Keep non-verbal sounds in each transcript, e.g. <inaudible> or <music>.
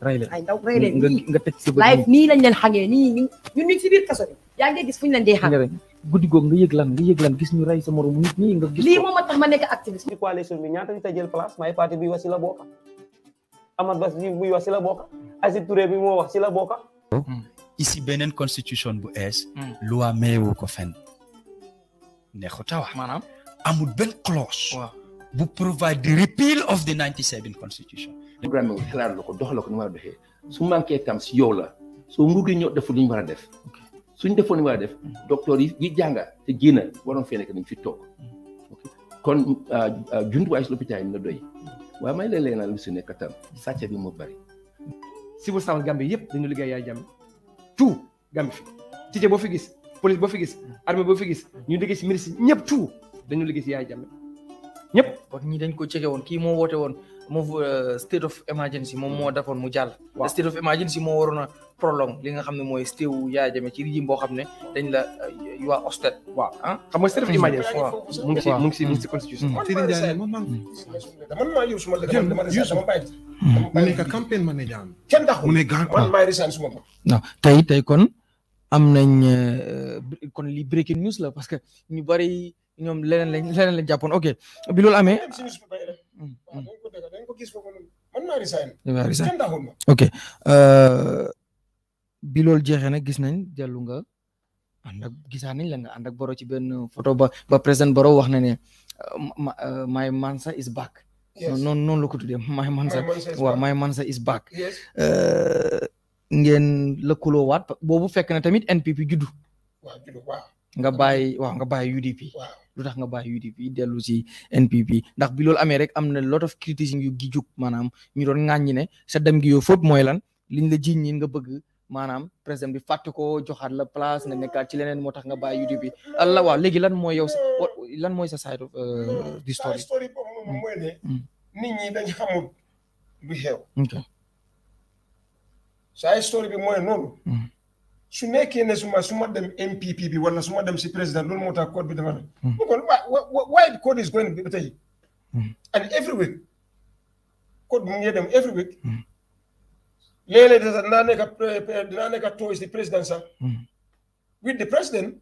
ray leen ay ndaw ray leen nga tëj sa live lañ leen ñun ñu ci biir kaso bi yaa gis fuñ leen dee xam guddi googu nga lan nga lan gis ñu ray sa morom nit ñi nga gis lii moom tax ma nekk activiste ci coalition bi ñaata nit a jël place may parti bi la Amad Bass bi la Aziz Touré bi moo wax ci la bokk ici constitution bu ees hmm. loi mayewu ko fenn neexuta wax maanaam amul benn clause bu provide the repeal of the 97 constitution programme wu xalaat la ko dox la ko ni war a doxee su manqué tam si yow la soo nguur gi ñoo def lu ñu war a def suñ defoon ni war a def docteur yi yi jànga te génna waroon fee nekk nañ fi toog kon euh, euh, si lopitaan na doy waaye may la leen lu si nekk tam sàcc bi moo bëri si bu sawal Gambie yëpp dañu liggéey yaay jàmm tout Gambie fi tijje boo fi gis police boo fi gis armée boo fi gis ñu liggéey si ministre ñëpp tout dañu liggéey si yaay jàmm ñëpp kon ñi dañ ko cekke woon kii moo woote woon moo euh, state of emergency moom moo mm. defoon mu jàll state of emergency moo waroon a prolong li nga xam ne mooy state wu Yaya Jammeh ci régime boo xam ne dañ la euh, you are ousted waaw ah xam nga state of mm. emergency mu ngi si mu ngi si mu ngi si mm. constitution campaign manager tey tey kon am nañ euh, kon li breaking news la parce que ñu bari ñoom leneen lañ leneen lañ jàppoon ok bi loolu amee resign. bi loolu jeexee nag gis nañ dellu nga ànd ak la nga ci my Mansa is back. Non non la ko my Mansa my Mansa is back. fekk na tamit NPP juddu. waaw judu. waaw. nga bàyyi wa nga bàyyi UDP. lu tax nga bàyyi UDP dellu si NPP ndax bi loolu amee rek am na lot of criticism yu gi jug maanaam ñu doon ŋàññi ne sa dem gi yow foofu mooy lan liñ la jiñ ñi nga bëgg maanaam président bi fàtte ko joxaat la place nga nekkaat ci leneen moo tax nga bàyyi UDP allah waaw léegi lan mooy yow sa lan mooy sa side of uh, the mm. mm. nit ñi dañ xamul lu xew. ok mooy noonu. Mm. su nekkee ne su ma su ma dem MPP bi wala su ma dem si président loolu moo tax code bi dafa ne. Hmm. mu kon why the code is going ba tey. Hmm. code mu ngi dem every week. Hmm. léeg-léeg de sax dinaa nekk dinaa président sax. with the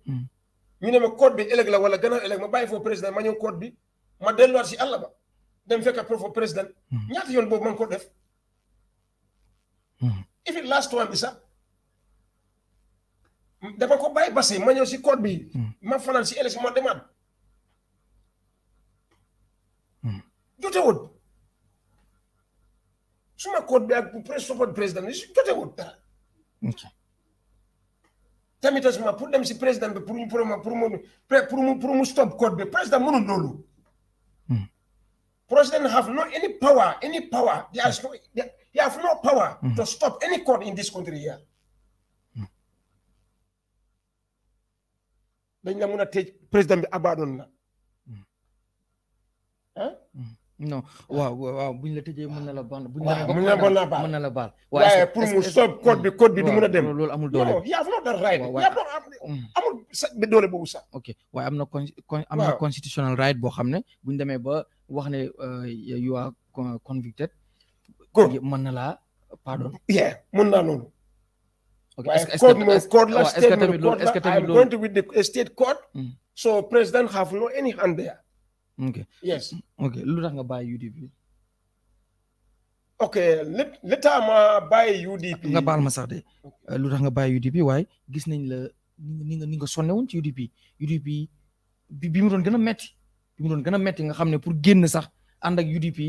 ñu ne ma bi éleg la wala gannaaw éleg ma bàyyi foofu président ma ñëw bi ma delluwaat si àll ba dem fekk foofu président. ñaata yoon boobu ma ngi ko def. if it last one bi sax. dama ko bàyyi basi ma ñëw si code bi. Hmm. ma fanaan si élection ma demaat. Hmm. jotewut suma code bi ak support président bi jotewut dara. tamit suma pour si président bi pour mu pour mu pour mu pour mu stop code bi président mënul loolu. Hmm. President have no any power any power. there stop any code in this country here. dañ la mën a tëj président bi abandon la ah. waaw buñ la tëjee mën na la baal buñ la mën na na la baal. waaye pour mu soob code bi code bi du mën a dem. loolu amul doole non yaa mm. sa doole boobu sax. ok waaye am na con am na constitutional right boo xam ne buñ demee ba wax ne euh, you are convicted. mën na laa pardon. yeah mën naa loolu. ok est oh, statement I'm going to with the state code. Mm. so president have no any hand there. ok yes. ok lu tax nga bàyyi UDP. ok li li tax uh, ma bàyyi UDP. nga baal ma sax de lu tax nga bàyyi UDP waaye gis nañ la ni nga ni nga sonne woon ci UDP UDP bi bi mu doon gën a metti bi mu doon gën a metti nga xam ne pour génn sax ànd ak UDP.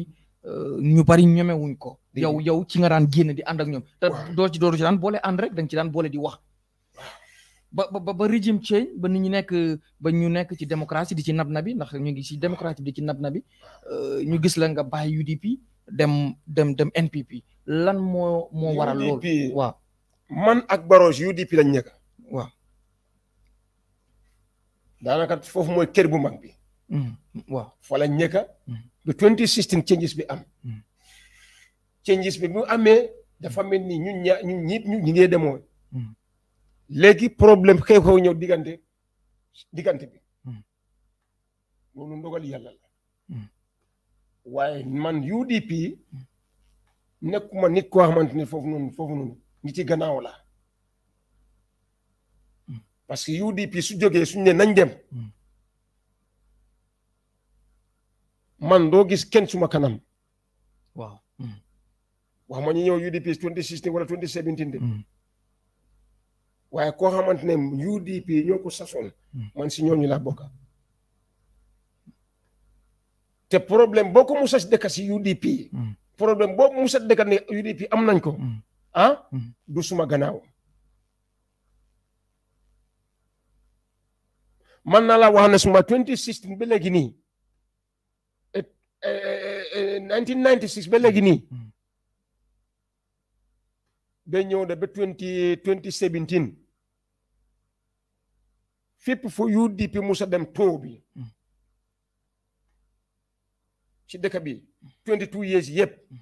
ñu bari ñemewuñ ko yow iya. yow ci nga daan génn di ànd ak ñoom te doo ci dooru ci daan boole ànd rek dañ ci daan boole di wax ba ba ba régime change ba nit ñi nekk ba ñu nekk ci démocratie di ci nab nabi ndax ñu ngi ci démocratie di ci nab nabi ñu eh, gis la nga bàyyi UDP dem dem dem NPP lan moo moo waral loolu waaw man ak Barroso UDP lañ nekk waaw daanaka foofu mooy kër bu mag bi hmm, waaw fa lañ nekk hmm. du 2016 changes bi am. Hmm. changes bi mu amee dafa mel ni ñun ñaa ñu ñu ngi demoo. Hmm. léegi problème xew-xew ñëw diggante diggante bi. Hmm. loolu ndogal yàlla la. waaye man UDP nekkuma nit koo xamante ne foofu noonu foofu noonu nit yi gannaaw la parce que UDP su jógee suñu ne nañ dem. man doo gis kenn suma kanam. waaw. Mm. wax ma ñu ñëw UDP 2016 wala 2017 de. Mm. waaye koo xamante ne UDP ñoo ko sasoon. Mm. man si ñooñu laa bokk. te problème boo ko musa dëkk si UDP. problème boo musa dëkk ne UDP am nañ ko. ah du suma gannaaw. man naa laa wax na suma 2016 ba léegi nii. 1996 eh, eh, eh, ba léegi nii hmm. ba ñëw da ba 20 2017 fépp fu UDP Musa dem tóo bi hmm. ci dëkk bi 22 years yëpp hmm.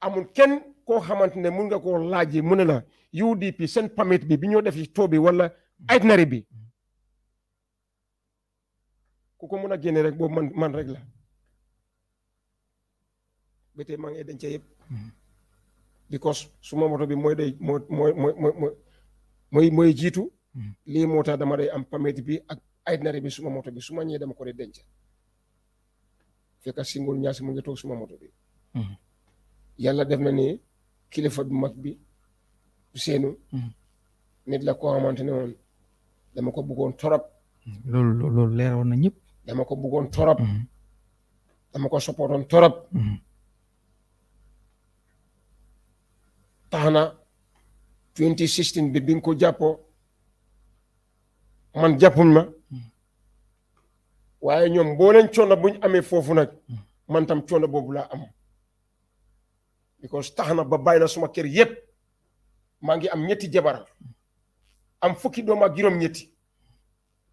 amul kenn koo xamante ne mun nga koo laajee mu ne la UDP seen permit bi bi ñoo def ci tóo bi wala itinéraire bi. ku ko mën a rek boobu man man rek la bété ma maa ngi denc hmm. because suma moto bi moy day moy moy moy moy moy moy jitu hmm. li mota dama day am permit bi ak nare bi suma moto bi suma ñëwee dama ko dee denc fekk singul ñaas mu ngi tok suma moto bi hmm. yalla def na ni kilifa bu mag bi seenu nit la ko xamanteni won dama ko bëggoon torop loolu leer won na ñëpp dama ko bëggoon torop mhm. dama ko soppoon torop mhm. tax na 2016 bi bi nga ko jàppoo man jàppuñ ma mhm. waaye ñoom boo leen coono buñ amee foofu nag mantam tam coono boobu laa am because tax na ba bàyyi na suma kër yëpp maa ngi am ñetti jabar am fukki doom ak ñetti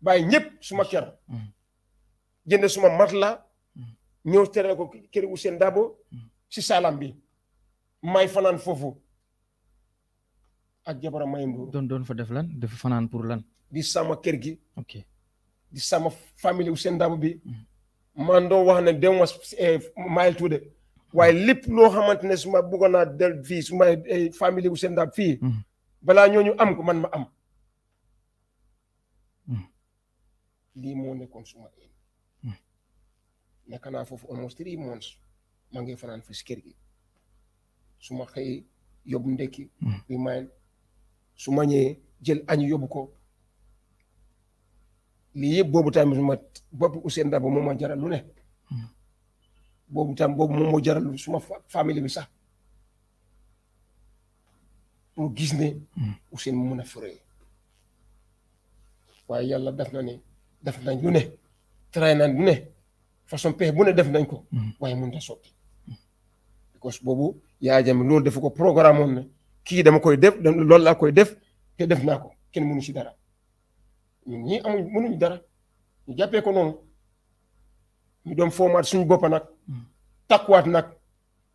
bàyyi ñëpp suma kër jënde suma mat la hmm. ñëw tere ko kër wu seen daabo si hmm. saalam bi may fanaan foofu ak jabara may mburu doon doon fa def lan dafa fanaan pour lan di sama kër gi di sama famille wu seen daabo bi hmm. man doo wax ne dem was eh, mayel tuude waaye lépp loo xamante ne suma bëggoon naa del fii suma eh, famille wu seen daab fii balaa ñooñu am ko man ma am lii moo nekkoon suma nekk naa foofu almost three months maa ngi fanaan fi si kër gi su ma xëy yóbbu ndekki bi hmm. may su ma ñëwee jël añ yóbbu ko lii yëpp boobu tamit ma bopp Ousainou moom ma jaral lu ne hmm. boobu tam boobu moom moo jaral lu suma famille bi sax mu gis ne hmm. Ousainou mu mun a waaye yàlla def na ni def nañ lu ne tray nañ façon pexe bu ne def nañ ko. Mm-hmm. waaye mënut a sotti. parce boobu yaa jame loolu defu ko programme woon ne kii dama koy def loolu laa koy def te def naa ko kenn mënu si dara ñun ñii amuñ mënuñ dara ñu jàppee ko noonu ñu doon foomaat suñu bopp nag mm-hmm. takkuwaat nag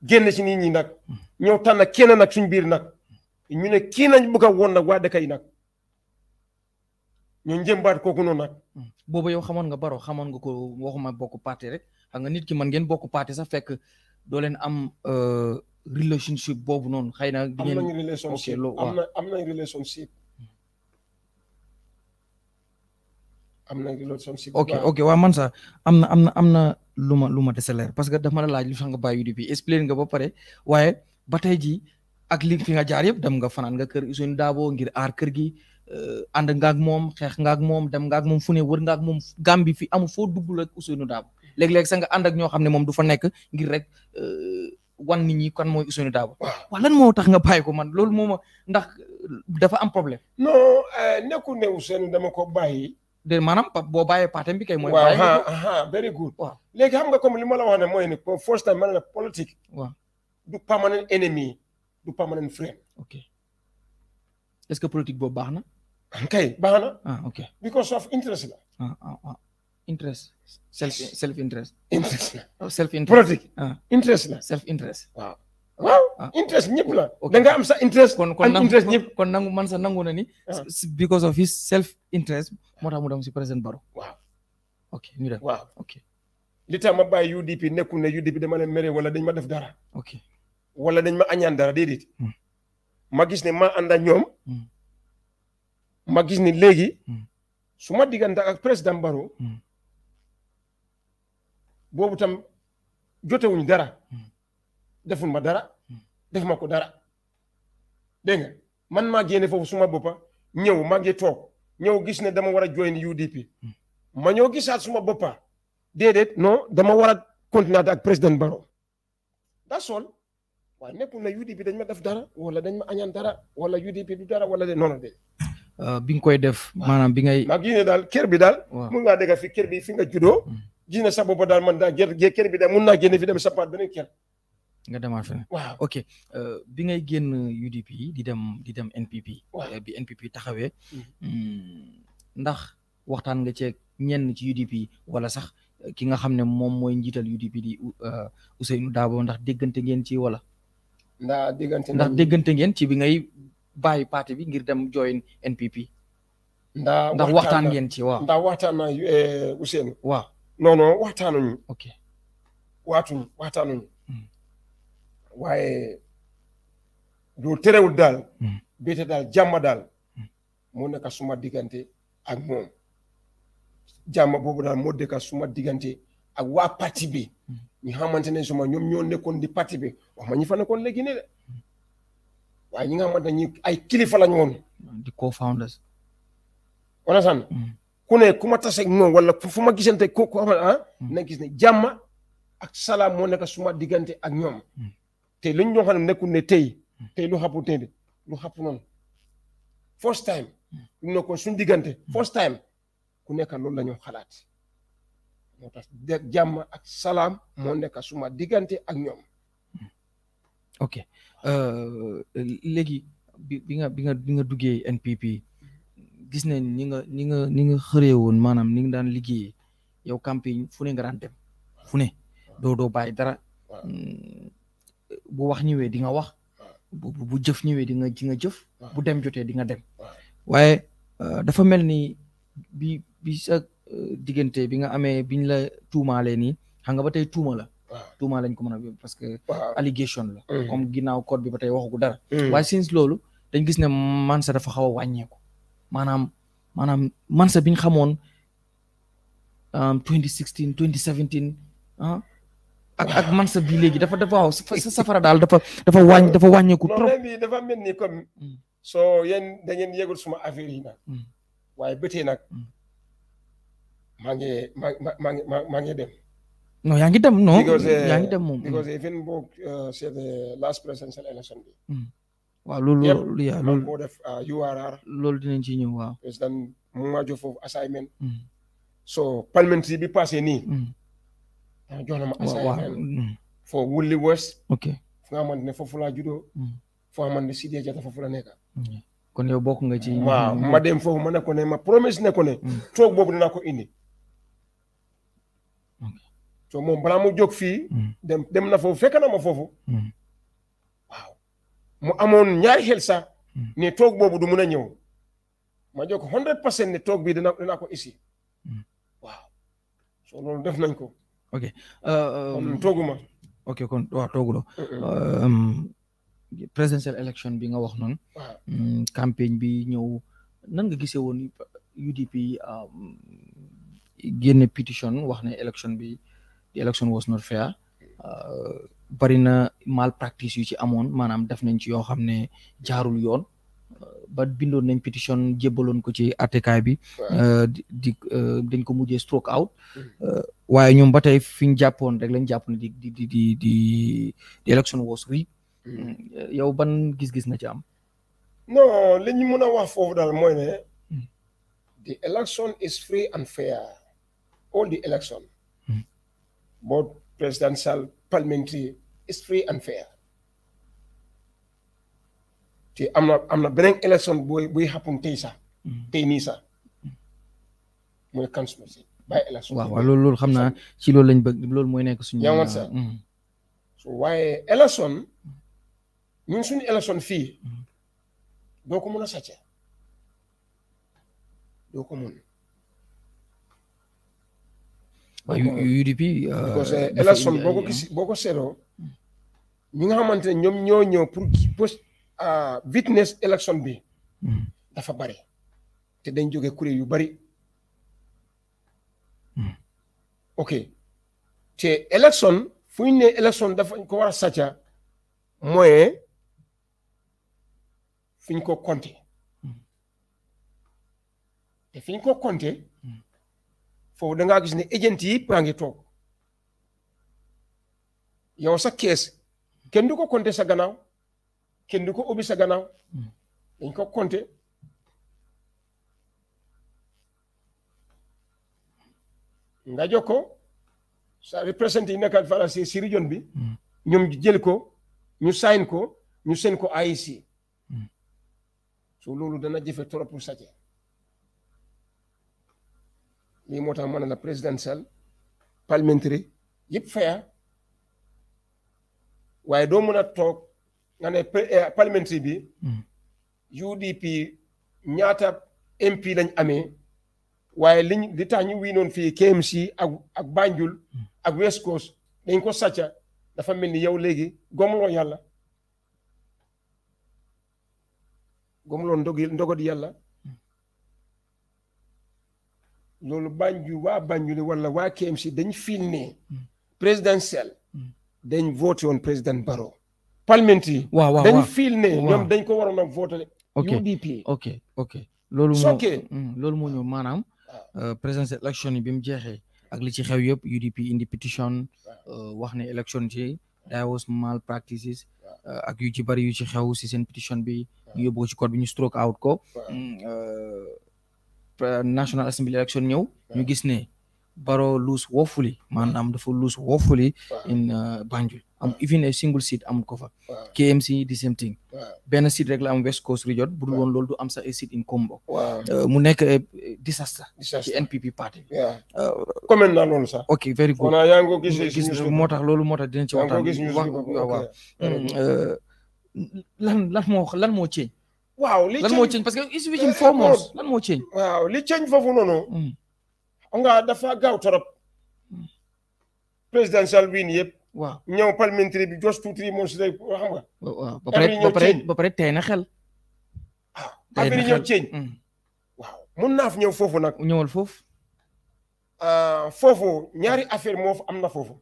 génn si nit ñi nag mm-hmm. ñëw tànn kenn nag suñ biir nag ñu ne kii nañ bëgg woon nag waa dëkk yi nag. ñu njëmbaat kooku noonu nag. Hmm. boobu yow xamoon nga baro xamoon nga ko waxuma bokk parti rek xam nga nit ki man ngeen bokk parti sax fekk doo leen am euh, relationship boobu noonu xëy na. di ngeen am nañ relationship am na am nañ relationship. am nañ relationship. ok ok waaw man sax am na am na am na lu ma lu ma dese leer parce que dama la laaj lu tax nga bàyyi UDP expliqué nga ba pare waaye ba tey jii ak li fi nga jaar yëpp dem nga fanaan nga kër Ousseynou Dabo ngir aar kër gi. Eh, ànd nga moom xeex nga ak moom dem nga ak moom fu ne wër nga ak moom Gàmbi fi amu foo dugg la Ousseynou Dabo mm-hmm. léeg-léeg sax nga ànd ak ñoo xam ne moom du fa nekk ngir rek eh, wan nit ñi kan mooy Ousseynou Dabo. waaw lan moo tax nga bàyyi ko man loolu moo ndax eh, dafa am problème. non nekkul ne Ousseynou dama ko bàyyi. de maanaam boo bàyyee paatem bi kay. mooy bàyyi waaw ah xam nga comme li ma la wax ne mooy ni pour first time ma ne la politique. waaw du permanent ennemi du permanent friend. est-ce que politique boobu baax na. kay baax na. ah ok because of interest la. ah ah, ah. interest. self self interest. interest la. Oh, self ah. interest la. self interest. waaw ah. interest ñëpp la. da nga am sa interest. kon kon interest ñëpp kon nangu man sa nangu na ni. because of his self interest moo tax mu dem si président Barrow. waaw ok ñu waaw ok. li tax ma bàyyi UDP nekkul ne UDP dama leen mere wala dañ ma def dara. ok wala dañ ma añaan dara déedéet. Hmm. ma gis ne ma ànd ak ñoom. Hmm. ma gis ni léegi. Hmm. su ma diggante ak président Barrow. Hmm. boobu tam jotewuñ dara. Hmm. deful ma dara. def ma ko dara. dégg nga man maa génne foofu suma boppa ñëw maa ngi toog ñëw gis ne dama war a join UDP. ma ñoo gisaat suma boppa déedéet non dama war a ak président Barrow. daa sol waaye nekkul na UDP dañ ma def dara wala dañ ma añaan dara wala UDP du dara wala de non non Eh, bing koy def manam bi ngay. mag ngi dal kër bi dal mën nga dégg fi kër bi fi nga judo dina mm. sa bopp dal man da daal gerte kër bi dal mën na génne fi dem sa pat benen kër. nga demal feneen. waaw ok euh bi ngay genn UDP di dem di dem NPP. Eh, bi NPP taxawé mm. hmm, ndax waxtan nga ci ñenn ci UDP wala sax eh, ki nga xamne mom moy njital UDP di Ousseynou Dabo ndax déggante ngeen ci wala. ndax déggante ngeen ci bi ngay. bàyyi parti bi ngir dem join NPP. ndax waxtaan ngeen ci waaw. ndax waxtaan naa eh, Ousseynou. waaw non non waxtaanuñu. ok hmm. waaye du terewul daal. Hmm. béykat daal jàmm daal. Hmm. moo nekk suma diggante ak moom. jàmm boobu daal moo dëkk suma diggante ak waa parti bi. ñu xamante ne suma ñoom ñoo nekkoon di parti bi wax ma ñi fa nekkoon léegi ne de. waaye ñi nga xamante ne ay kilifa lañ woon. di co-founders. on san mm. ku ne ku ma tase ak moom fu ma gisante ko ko xam ah. Mm. na jàmm ak salaam moo nekk suma diggante ak ñoom. Mm. te lu ñu doon xam ne tey tey lu xapu tey lu xapu noonu first time. ñu ne ko suñu diggante first time ku nekk loolu la ñu xalaat moo jàmm ak salaam moo nekk suma diggante ak ñoom. ok euh, léegi bi nga bi nga bi nga duggee NPP gis nañ ni nga ni nga ni nga xëree woon maanaam ni nga daan liggéeyee yow campagne fu ne nga daan dem fu ne doo doo bàyyi dara bu wax ñëwee di nga wax bu jëf ñëwee di nga di nga jëf bu dem jotee di nga dem waaye euh, dafa mel ni bi bi sa euh, diggante bi nga amee biñ la tuumaalee nii xam nga ba tey tuuma la tuuma lañ ko mën a parce que allégation la mm. comme ginnaaw code bi ba tey waxagu dara mm. waaye since loolu dañ gis ne Mansa dafa xaw a wàññeeku maanaam maanaam Mansa biñ xamoon 2016 um, 2017 ah ak ak Mansa bii léegi dafa dafa waaw sa safara daal dafa <laughs> dafa wàññ dafa wàññeeku trop dafa mel ni comme mm. soo yéen da ngeen suma affaire yi waaye waaye bëtee nag maa ngi maa maa ngi dem non yaa ngi dem non uh, yaa dem moom. because even boo uh, seetee last presidential election bi. Mm. waaw loolu loolu yaa loolu boo uh, loolu dinañ ci ñëw waaw. président mu ma jox foofu assignment. Mm. so parliamentary bi passé nii. ah jox na ma assignment. for Wulli West. ok fu nga ne foofu laa juddoo. foo xamante ne Sidiya foofu la nekk. kon yow bokk nga ci. waaw ma dem foofu ma ne ko ne ma promise ne ko ne. toog boobu dinaa ko indi. so moom balaa mu jóg fii. Mm. dem dem na foofu fekk na ma foofu. Mm. mu amoon ñaari xel sax. Mm. ne toog boobu du mun a ñëw. ma jóg 100 pour cent ne toog bi dina dina ko isi. so loolu def nañ ko. ok. Euh, euh, kon tooguma. ok kon waaw tooguloo. Euh, presidential election bi nga wax noon campagne bi ñëw nan nga gisee woon i génne pétition wax ne election bi. the election was not fair uh, bari na malpractice yu ci amoon maanaam def nañ ci yoo xam ne jaarul yoon uh, ba bindoon nañ pétition jébbaloon ko ci attekaay bi uh, di dañ ko mujj stroke out waaye ñoom ba tey fi ñu jàppoon rek lañ jàpp ne di di di di di di election was rig mm. mm, yow ban gis-gis na ci am non li ñu mën a wax foofu daal mooy ne mm. the election is free and fair all the election both presidential, parliamentary, it's free and fair. te am na am na beneen élection buy buy happen tey sax. tey nii sax mooy council si bàyyi élection. waaw loolu loolu xam naa ci loolu lañ bëgg loolu mooy nekk suñu. yaa sax hmm. waaye élection ñun suñu élection fii doo ko mën a sace doo ko UDP uh, uh, because uh, election boo ko gis boo ko ñi nga xamante ne ñoom ñoo ñëw pour post witness election bi mm. dafa bari te dañ jóge kuréel yu bari mm. ok te election fu ñu ne election dafa ko war a sàcca mooy fi ñu ko compté mm. te fi ñu ko compté foofu da nga gis ni agent yi yëpp a yow sa kees ken du ko konté sa ganaw ken du ko ubbi sa ganaw dañ ko konté nga joko ko sa représente yi nekkat fala ci si région bi ñoom jël ko ñu sign ko ñu sen ko IEC hmm. so lolu dana jëfé trop pour sàcce mi moo tax ma na la présidentielle parlementaire yëpp waaye doo mën a toog nga ne eh, parlementaire bi mm-hmm. UDP ñaata MP lañ amee waaye liñ li tax ñu wii fii KMC ak ak Banjul mm-hmm. ak West Coast dañ ko sàcca dafa mel ni yow léegi gomloo yàlla gomloo ndogi ndogodi yàlla loolu Banjul waa Banjul wala waa KMC dañ fiil ne mm. présidentielle mm. dañ voté woon président Barrow parlement yi waaw waaw dañ fiil ne ñoom dañ ko waroon a voté UDP ok ok loolu moo mm, loolu moo ñëw maanaam ah. euh, présidentielle élection yi bi mu jeexee ak li ci xew yëpp UDP indi pétition ah. euh, wax ne élection yi daa was mal practices ah. euh, ak yu ci bari yu ci xew si seen pétition bi ñu yóbbu ko ci code bi ñu stroke out ko national assembly election ñëw ñu gis ne Barrow lose woefully maanaam dafa lose woefully in uh, Banjul am even a single seat am ko fa KMC the same thing benn seat rek la am West Coast Region budul woon loolu du am sax a seat in Kombo euh, mu nekk disaster ci NPP party euh, comment na loolu sax ok very good moo tax loolu moo tax den ci waxtaan wa hmm, euh, lan lan moo lan moo ceeñ waaw li lan moo change parce que is wicim four months lan moo change waaw li change foofu noonu hmm. xam nga dafa gaaw torop hmm. présidential win yëpp waaw ñëw parlementaire bi just two three months rek xam nga ba pare ba na xel waaw ah, affaire yi change hmm. mun naa fi ñëw foofu nag ñëwal foofu ah, foofu ñaari affaire moo am na foofu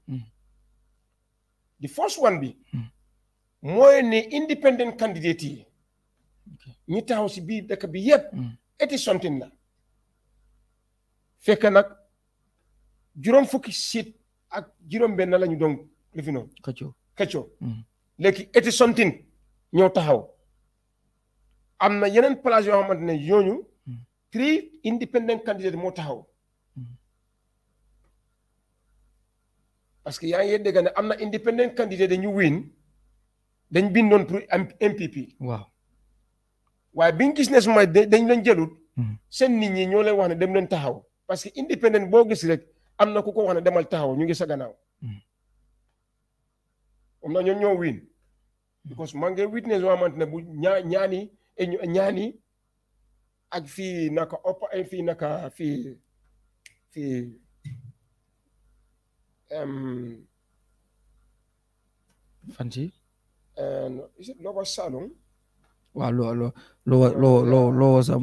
the first one bi mooy ne independent candidate yi ñi taxaw si biir dëkk bi yépp hmm. eti sontin la fekk nak juróom fukki sit ak juróom ben lañu ñu doon lifi kacho këccoo këccoo hmm. léegi eti sontin ñoo taxaw amna yenen place yo xamantene ne hmm. independent candidate mo taxaw parce que yaa ngi independent candidate dañu win dañ bindoon pour MPP waaw waaye bi ñu gis ne suma dañ leen jëlut hmm. seen nit ñi ñoo leen wax ne dem leen taxaw parce que indépendant boo gis rek am na ku ko wax ne demal taxaw ñu ngi sa gannaaw am hmm. na ñoom ñoo wiin because maa ngi witness waa mante ne bu ñaa ñaani eh, ñaani ak fii naka opp ay eh, fii naka fii fii fanti eh, is it Lower waaw loo loo loo loo loo wasam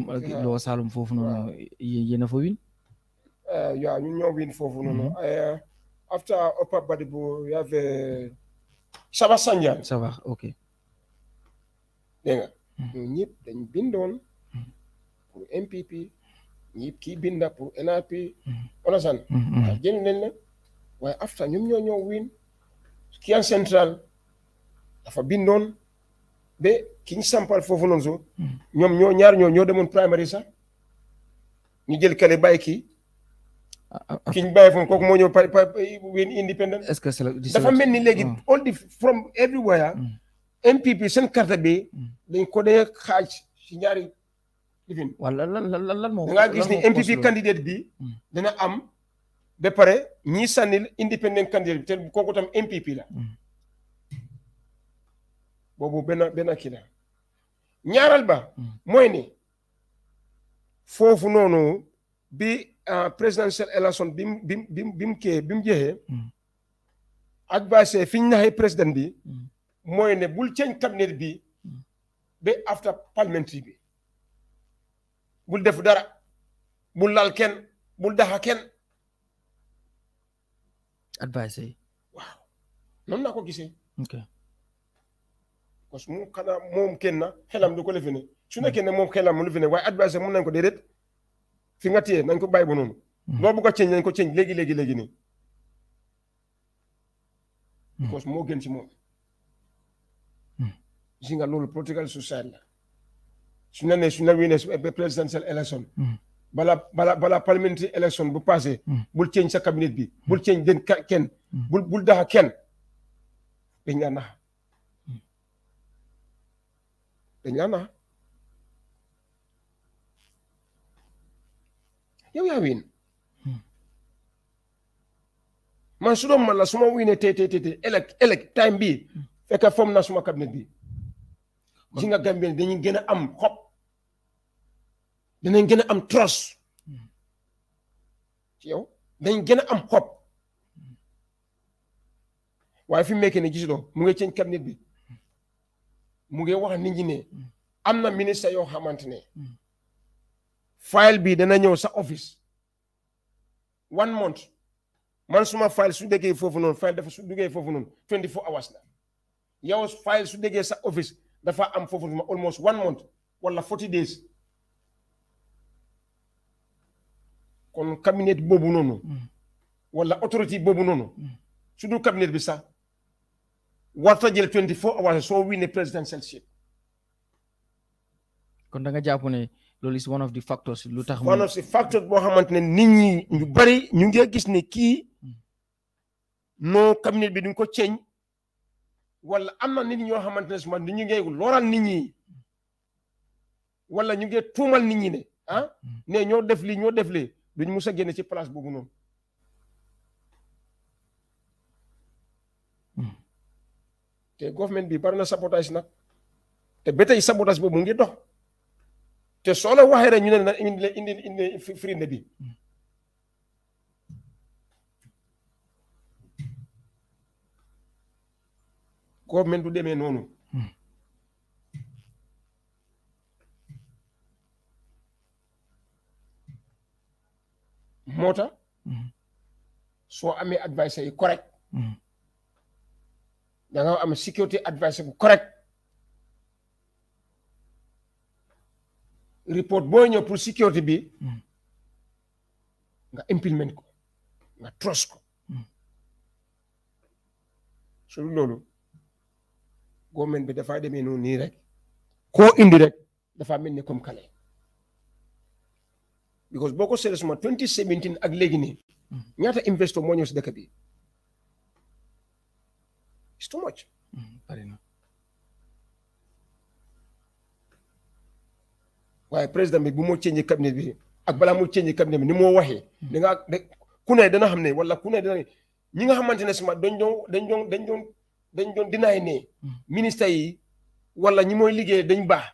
Saalum foofu noonu yéen a fa win euh, yeah ñun ñoo foofu noonu mm-hmm. euh, after Upper Badibu we have euh, Saba Sanjaan Saba ok dégg nga mm-hmm. ñun ñëpp dañ bindoon mm-hmm. pour MPP ñëpp kii binda pour NRP onasan jënd leen la waaye after ñoom ñoo ñoo win Kian Central dafa bindoon ba ki sampal foofu noonu so ñoom ñoo ñaar ñoo ñoo demoon primary sax ñu jël kale bàyyi kii. Ah, ah, ah. ki ñu bàyyi foofu kooku moo ñëw par par ween independent. est-ce que dafa mel ni léegi. all the from everywhere. MPP mm. seen carte bi. Mm. dañ ko dee xaaj si ñaari lifin. waaw lan lan lan lan moo da ngaa gis ni MPP candidate bi. Mm. dana am ba pare ñii sànni independent candidate bi te kooku tam MPP la. boobu benn benn kii la ñaaral ba hmm. mooy ni foofu noonu bi euh, presidential election bi mu bi mu bi mu kee bi mu jeexee hmm. ak baasee fi ñu président bi hmm. mooy ne bul ceeñ cabinet bi ba after parliamentary bi bul def dara bul laal kenn bul daxa kenn advice yi waaw ko gisee parce que moom xanaa moom kenn na xelam du ko lefe ne su nekkee ne moom xelam mu lefe ne waaye advice mun nañ ko déedéet fi nga téye nañ ko bàyyi ba noonu. Hmm. loo bugg a ceeñ nañ ko ceeñ léegi léegi léegi nii. Hmm. because moo gën si moom. Hmm. gis nga loolu political society la. su na ne su ne winners presidential election. bala bala bala parliamentary election bu passé. bul ceeñ sa cabinet bi. bul ceeñ den kenn. bul bul kenn dañ laa in Ghana. Here we are win. Hmm. Mansuro Mala suma win te te te te elek elek time be fekk form na cabinet be zinga nga Gambien dañu gën am xop. Dinañ gën a am trust. Ci yow dañ gën am xop. Waaye fi mu nekkee ne gisuloo mu ngi cabinet be. mu ngi wax nit gi ne mm. am na ministre yoo xamante ne mm. file bi dana ñëw sa office one month man suma file su déggee foofu noonu file dafa su duggee foofu noonu twenty four hours la su déggee sa office dafa am foofu noonu almost one wala forty days kon cabinet boobu noonu mm. wala autorité boobu noonu su du cabinet bi sax warta jël 24 hours soo winee presidential seat kon danga nga jàpp ne loolu is one of the factors lu tax one of the factors boo xamante ne nit ñi ñu bari ñu ngi gis ne kii non cabinet bi duñ ko ceeñ wala am na nit ñoo xamante ne suma ñu ngi loral nit ñi wala ñu ngi tuumal nit ñi ne ah mm. ne ñoo def lii ñoo def lii duñ mus a génne ci place boobu noonu te government bi bari na sabotage nag te ba tey sabotage boobu ngi dox te soo waxee rek ñu ne na indile indi indi firinde bi government du demee noonu moo tax mm-hmm. soo amee advice yi correct mm-hmm. danga nga am security advice bu correct report boo ñëw pour security bi hmm. nga implement ko nga trust ko hmm. su loolu government bi dafaa demee noonu nii rek koo indi rek dafa mel ni comme kale because boo ko seetee suma 2017 ak léegi nii hmm. ñaata investor moo ñëw si dëkk bi It's mm, waaye président bi bu moo ceeñee cabinet bi ak bala mu ceeñee cabinet bi ni moo waxee. Mm. da ngaa ku ne dana xam ne wala ku ne dana ñi nga xamante ne suma dañ doon dañ doon dañ doon dañ doon dinaay ne. Mm. ministre yi wala ñi mooy liggéeye dañ baax.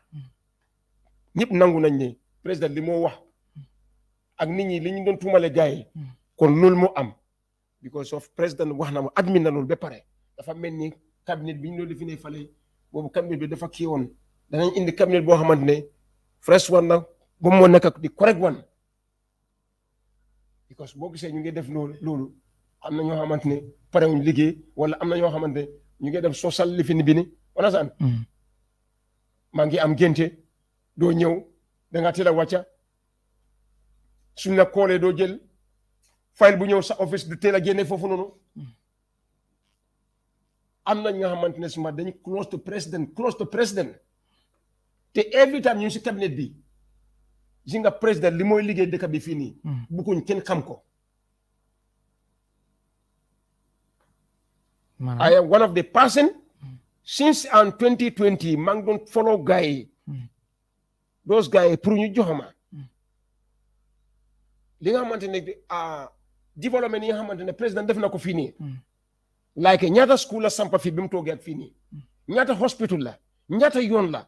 ñëpp nangu nañ ne président li moo wax ak nit ñi li ñu doon tuumale gars yi. kon loolu moo am. because of président wax na ma admin na loolu ba pare. dafa mel ni cabinet bi ñu doon définir fale boobu cabinet bi dafa kii woon danañ indi cabinet boo xamante ne fresh one nag moo nekk di correct one because boo gisee ñu ngi def loolu loolu am na ñoo xamante ne pare wuñ liggéey wala am na ñoo xamante ne ñu ngi def social lifin bi ni wanasaan mm. maa ngi am génte doo ñëw danga nga teel suñ na koolee doo jël file bu ñëw sa office du teel a génne foofu noonu amna na ñi nga xamante suma dañ close to president close to president te every time ñu ci cabinet bi ji nga président li moy liggéey dëkk bi ni hmm. bu bëgguñ kenn xam ko. I am one of the person since on 2020 maa ngi follow guy. Hmm. those guy pour ñu joxuma hmm. li nga xamante ah développement yi nga xamantene president président def na ko fii like ñaata school la sampa fii bi mu toogee ak fii nii ñaata hospital la ñaata yoon la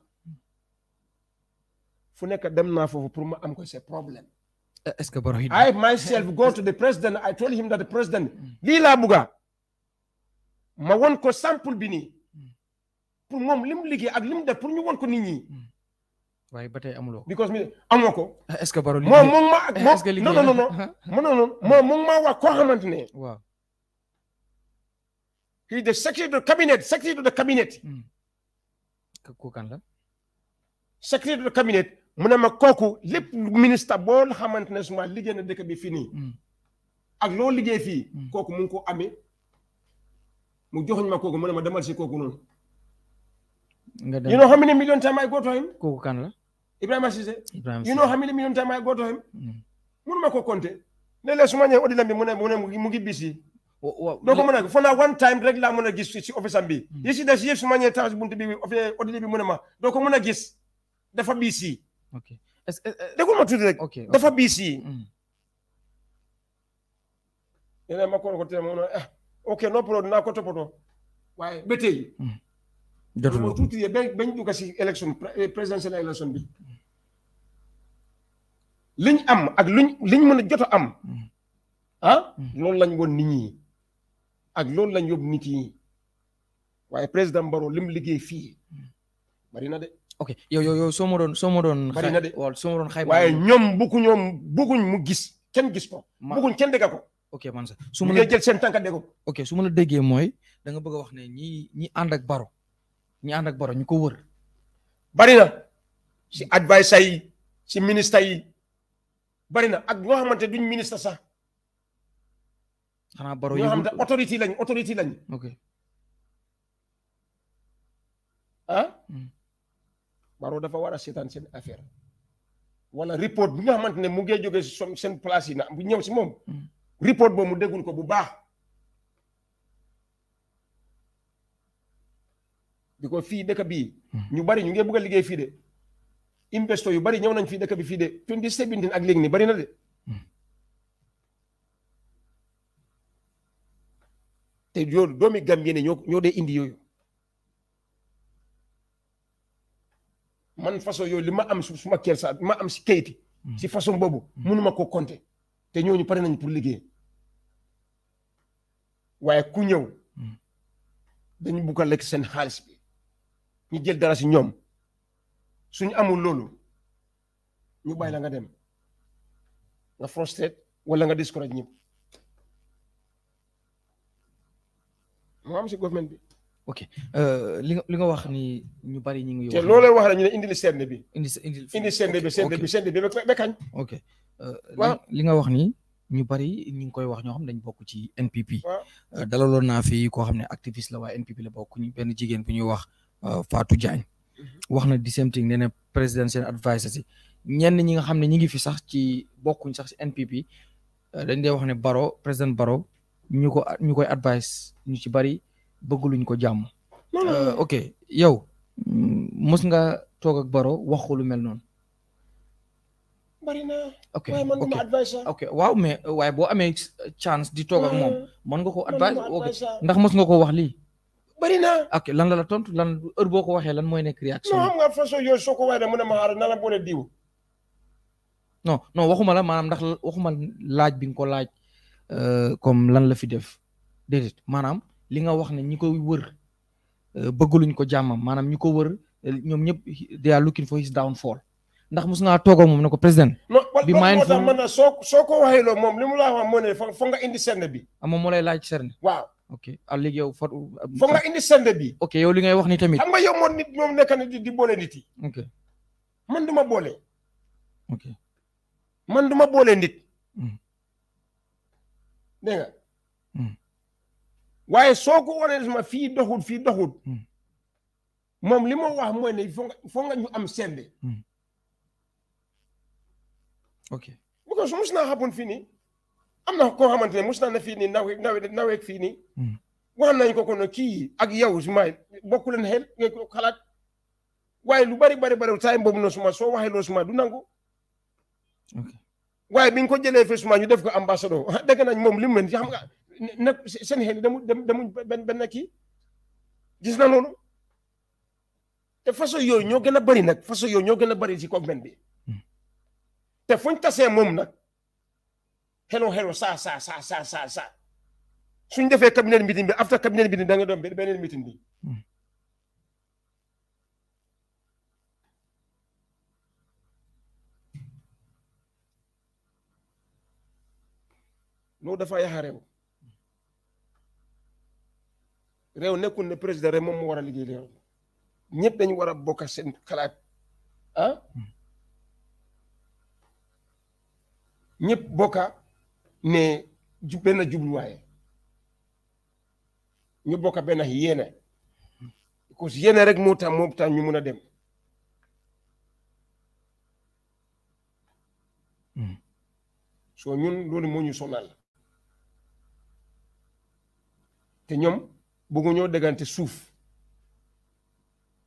fu nekk dem naa foofu pour ma am ko c'est problème. Eh, est-ce que borom I myself go to the president I told him that the president lii laa bugga ma won ko sample bi ni pour moom li mu liggéey ak li mu def pour ñu won ko nit ñi. waaye ba tey amuloo ko. because mi amoo ko. Eh, est-ce que borom moom ma. Eh, est-ce que koo xamante ne. he de the de to the cabinet secretary to the cabinet. Hmm. kooku kan mu ne ma kooku lépp ministre boo xamante ne suma liggéey na dëkk bi fii nii. Hmm. ak loo liggéey fii. Hmm. kooku mu ngi ko amee mu joxuñ ma kooku mu ne ma demal si kooku noonu. nga dem you know how many million time I go to him. kooku la. Ibrahima Cissé. Ibrahima Cissé you know how million time I go to him. mënuma ko compter léeg-léeg su ma ñëwee auditeurs bi mu ne mu ne mu ngi bisi. doo ko mën a foo naa one time rek laa mën a gis si office am bi yi hmm. si des yëpp su ma ñëwee taxaw si buntu bi autorité bi mu ne ma doo ko mën a gis dafa biis yi dégul ma tuuti rek dafa biis yi hmm. yéen ma ko ko teel ma ne ah ok non problème naa ko toppatoo waaye ba tey hmm. jotuloo tuuti yee bañ dugg si élection eh, présidentielle élection bi liñ am ak luñ liñ mën a jot a am ah loolu lañ woon nit ñi ak loolu lañ yóbbu nit yi waaye président Barrow lim liggéey fii bari na de. ok yow yow yow soo ma doon soo ma doon. bari na de waaw soo ma doon waaye ñoom bëggu ñoom bëgguñ mu gis kenn gis ko. bëgguñ kenn dégg ko. ok man sax su ma la jël seen tànk dégg ko. su ma la déggee mooy danga nga bëgg wax ne ñi ñi ànd ak Barrow ñi ànd ak Barrow ñu ko wër. bari na si advice yi si ministre yi bari na ak ñoo xamante duñ ministre sax. xanaa baro yi ñoo xam ne lañ autorité lañ. ok ah. Hmm. baro dafa war a seetaan seen affaire. wala report bi nga ne mu ngi jógee seen place yi na bu ñëw si moom. Hmm. report boo mu déggul ko bu baax. bi ko de dëkk bii. Hmm. ñu bari ñu ngi bëgg a liggéey fii de. investor yu bari ñëw nañ fii dëkk bi fii de 2017 ak léegi nii bari na de. te yoolu doomi Gambie ne ñoo ñoo dee indi yooyu man façon yooyu li ma am su ma kër sa ma am si kayiti mm. si façon boobu ma ko compter te ñooñu pare nañ pour liggéey waaye ku ñëw mm. dañ bugg a lekk seen xaalis bi ñu jël dara si ñoom suñu amul loolu ñu bay la nga dem nga frustré wala nga discourage ñi moo am si government bi. ok euh, li nga li nga wax ni ñu bari ñu ngi. te wax rek ñu ne indil seetlu bi. indi indil indi seetlu bi seetlu bi seetlu bi ba kañ. ok euh, li nga wax ni ñu bari ñu ngi koy wax ñoo xam dañ bokk ci NPP. Euh, dalaloon naa fi koo xam ne activiste la waaye NPP la bokk ñu benn jigéen bu ñuy wax faatu Diagne. Mhm. wax na di same thing nee na presidential adviser si ñenn ñi nga xam ne ñi ngi fi sax ci bokkuñ sax si NPP dañ dee wax ne Baro président Baro. ñu ko ñu koy advice ñu ci bari bëgguluñ ko jàmm. Euh, ok yow mos nga toog ak Baro wax ko lu mel noonu. bari na waaye ok waaw mais waaye boo amee chance di toog ak moom euh, mën nga ko advice ok ndax mos nga ko wax lii. bari na ok lan la la tontu lan heure boo ko waxee lan mooy nekk réaction. non xam nga façon yooyu soo ko waxee mu ne ma xaaral na la boole diw. non non waxuma la maanaam ndax waxuma laaj bi nga ko laaj. Euh, comme lan la fi def déedéet maanaam li nga wax ne ñi ko wër euh, bëgguluñ ko jàmmam maanaam ñi ko wër ñoom ñëpp they are looking for his downfall ndax mus naa toogoo moom ne ko président. bi maa ngi man soo soo ko waxee loo moom li mu la wax moo ne fo nga indi serne bi. ah moom moo laaj serne. waaw ok a ah, léegi yow fa. fo nga indi serne bi. ok yow li ngay wax ni tamit. xam nga yow moom nit moom nekk na di boole nit yi. man du boole. ok man du boole nit. dégg nga. Hmm. waaye soo ko waree ma fii doxul fii doxul. Hmm. moom li ma wax mooy ne foo nga ñu am seede. Hmm. ok because mus naa xamoon fii nii am na koo xamante ne mus naa ne fii nii nawe nawe naweeg fii nii. wax nañ ko kono kii ak yow su ma bokku leen xel ngeen xalaat waaye lu bari bari bari time boobu noonu suma soo waxee loolu suma du nangu. waaye bi ñu ko jëlee effectivement ñu def ko ambassadeur ah, dëgg nañ moom li mu mel xam nga nag seen xel damu damu benn benn kii gis na noonu te façon yooyu ñoo gën a bëri nag façon yooyu ñoo gën a bëri ci government bi hmm. te fuñ tasee moom nag xelo xelo saa saa saa saa saa saa suñ defee cabinet meeting bi after cabinet meeting da nga doon beneen meeting bi loolu dafa yaxa réew réew nekkul ne président rek moom mu war a liggéey réew ñëpp dañu war a bokk seen kalaat ah ñëpp bokka ne ju benn jubluwaay ñu bokka benn yéene parce que yéene rek moo tax moo tax ñu mun a dem hmm. soo ñun loolu moo ñu sonal ñoom ñoom bëgguñoo déggante suuf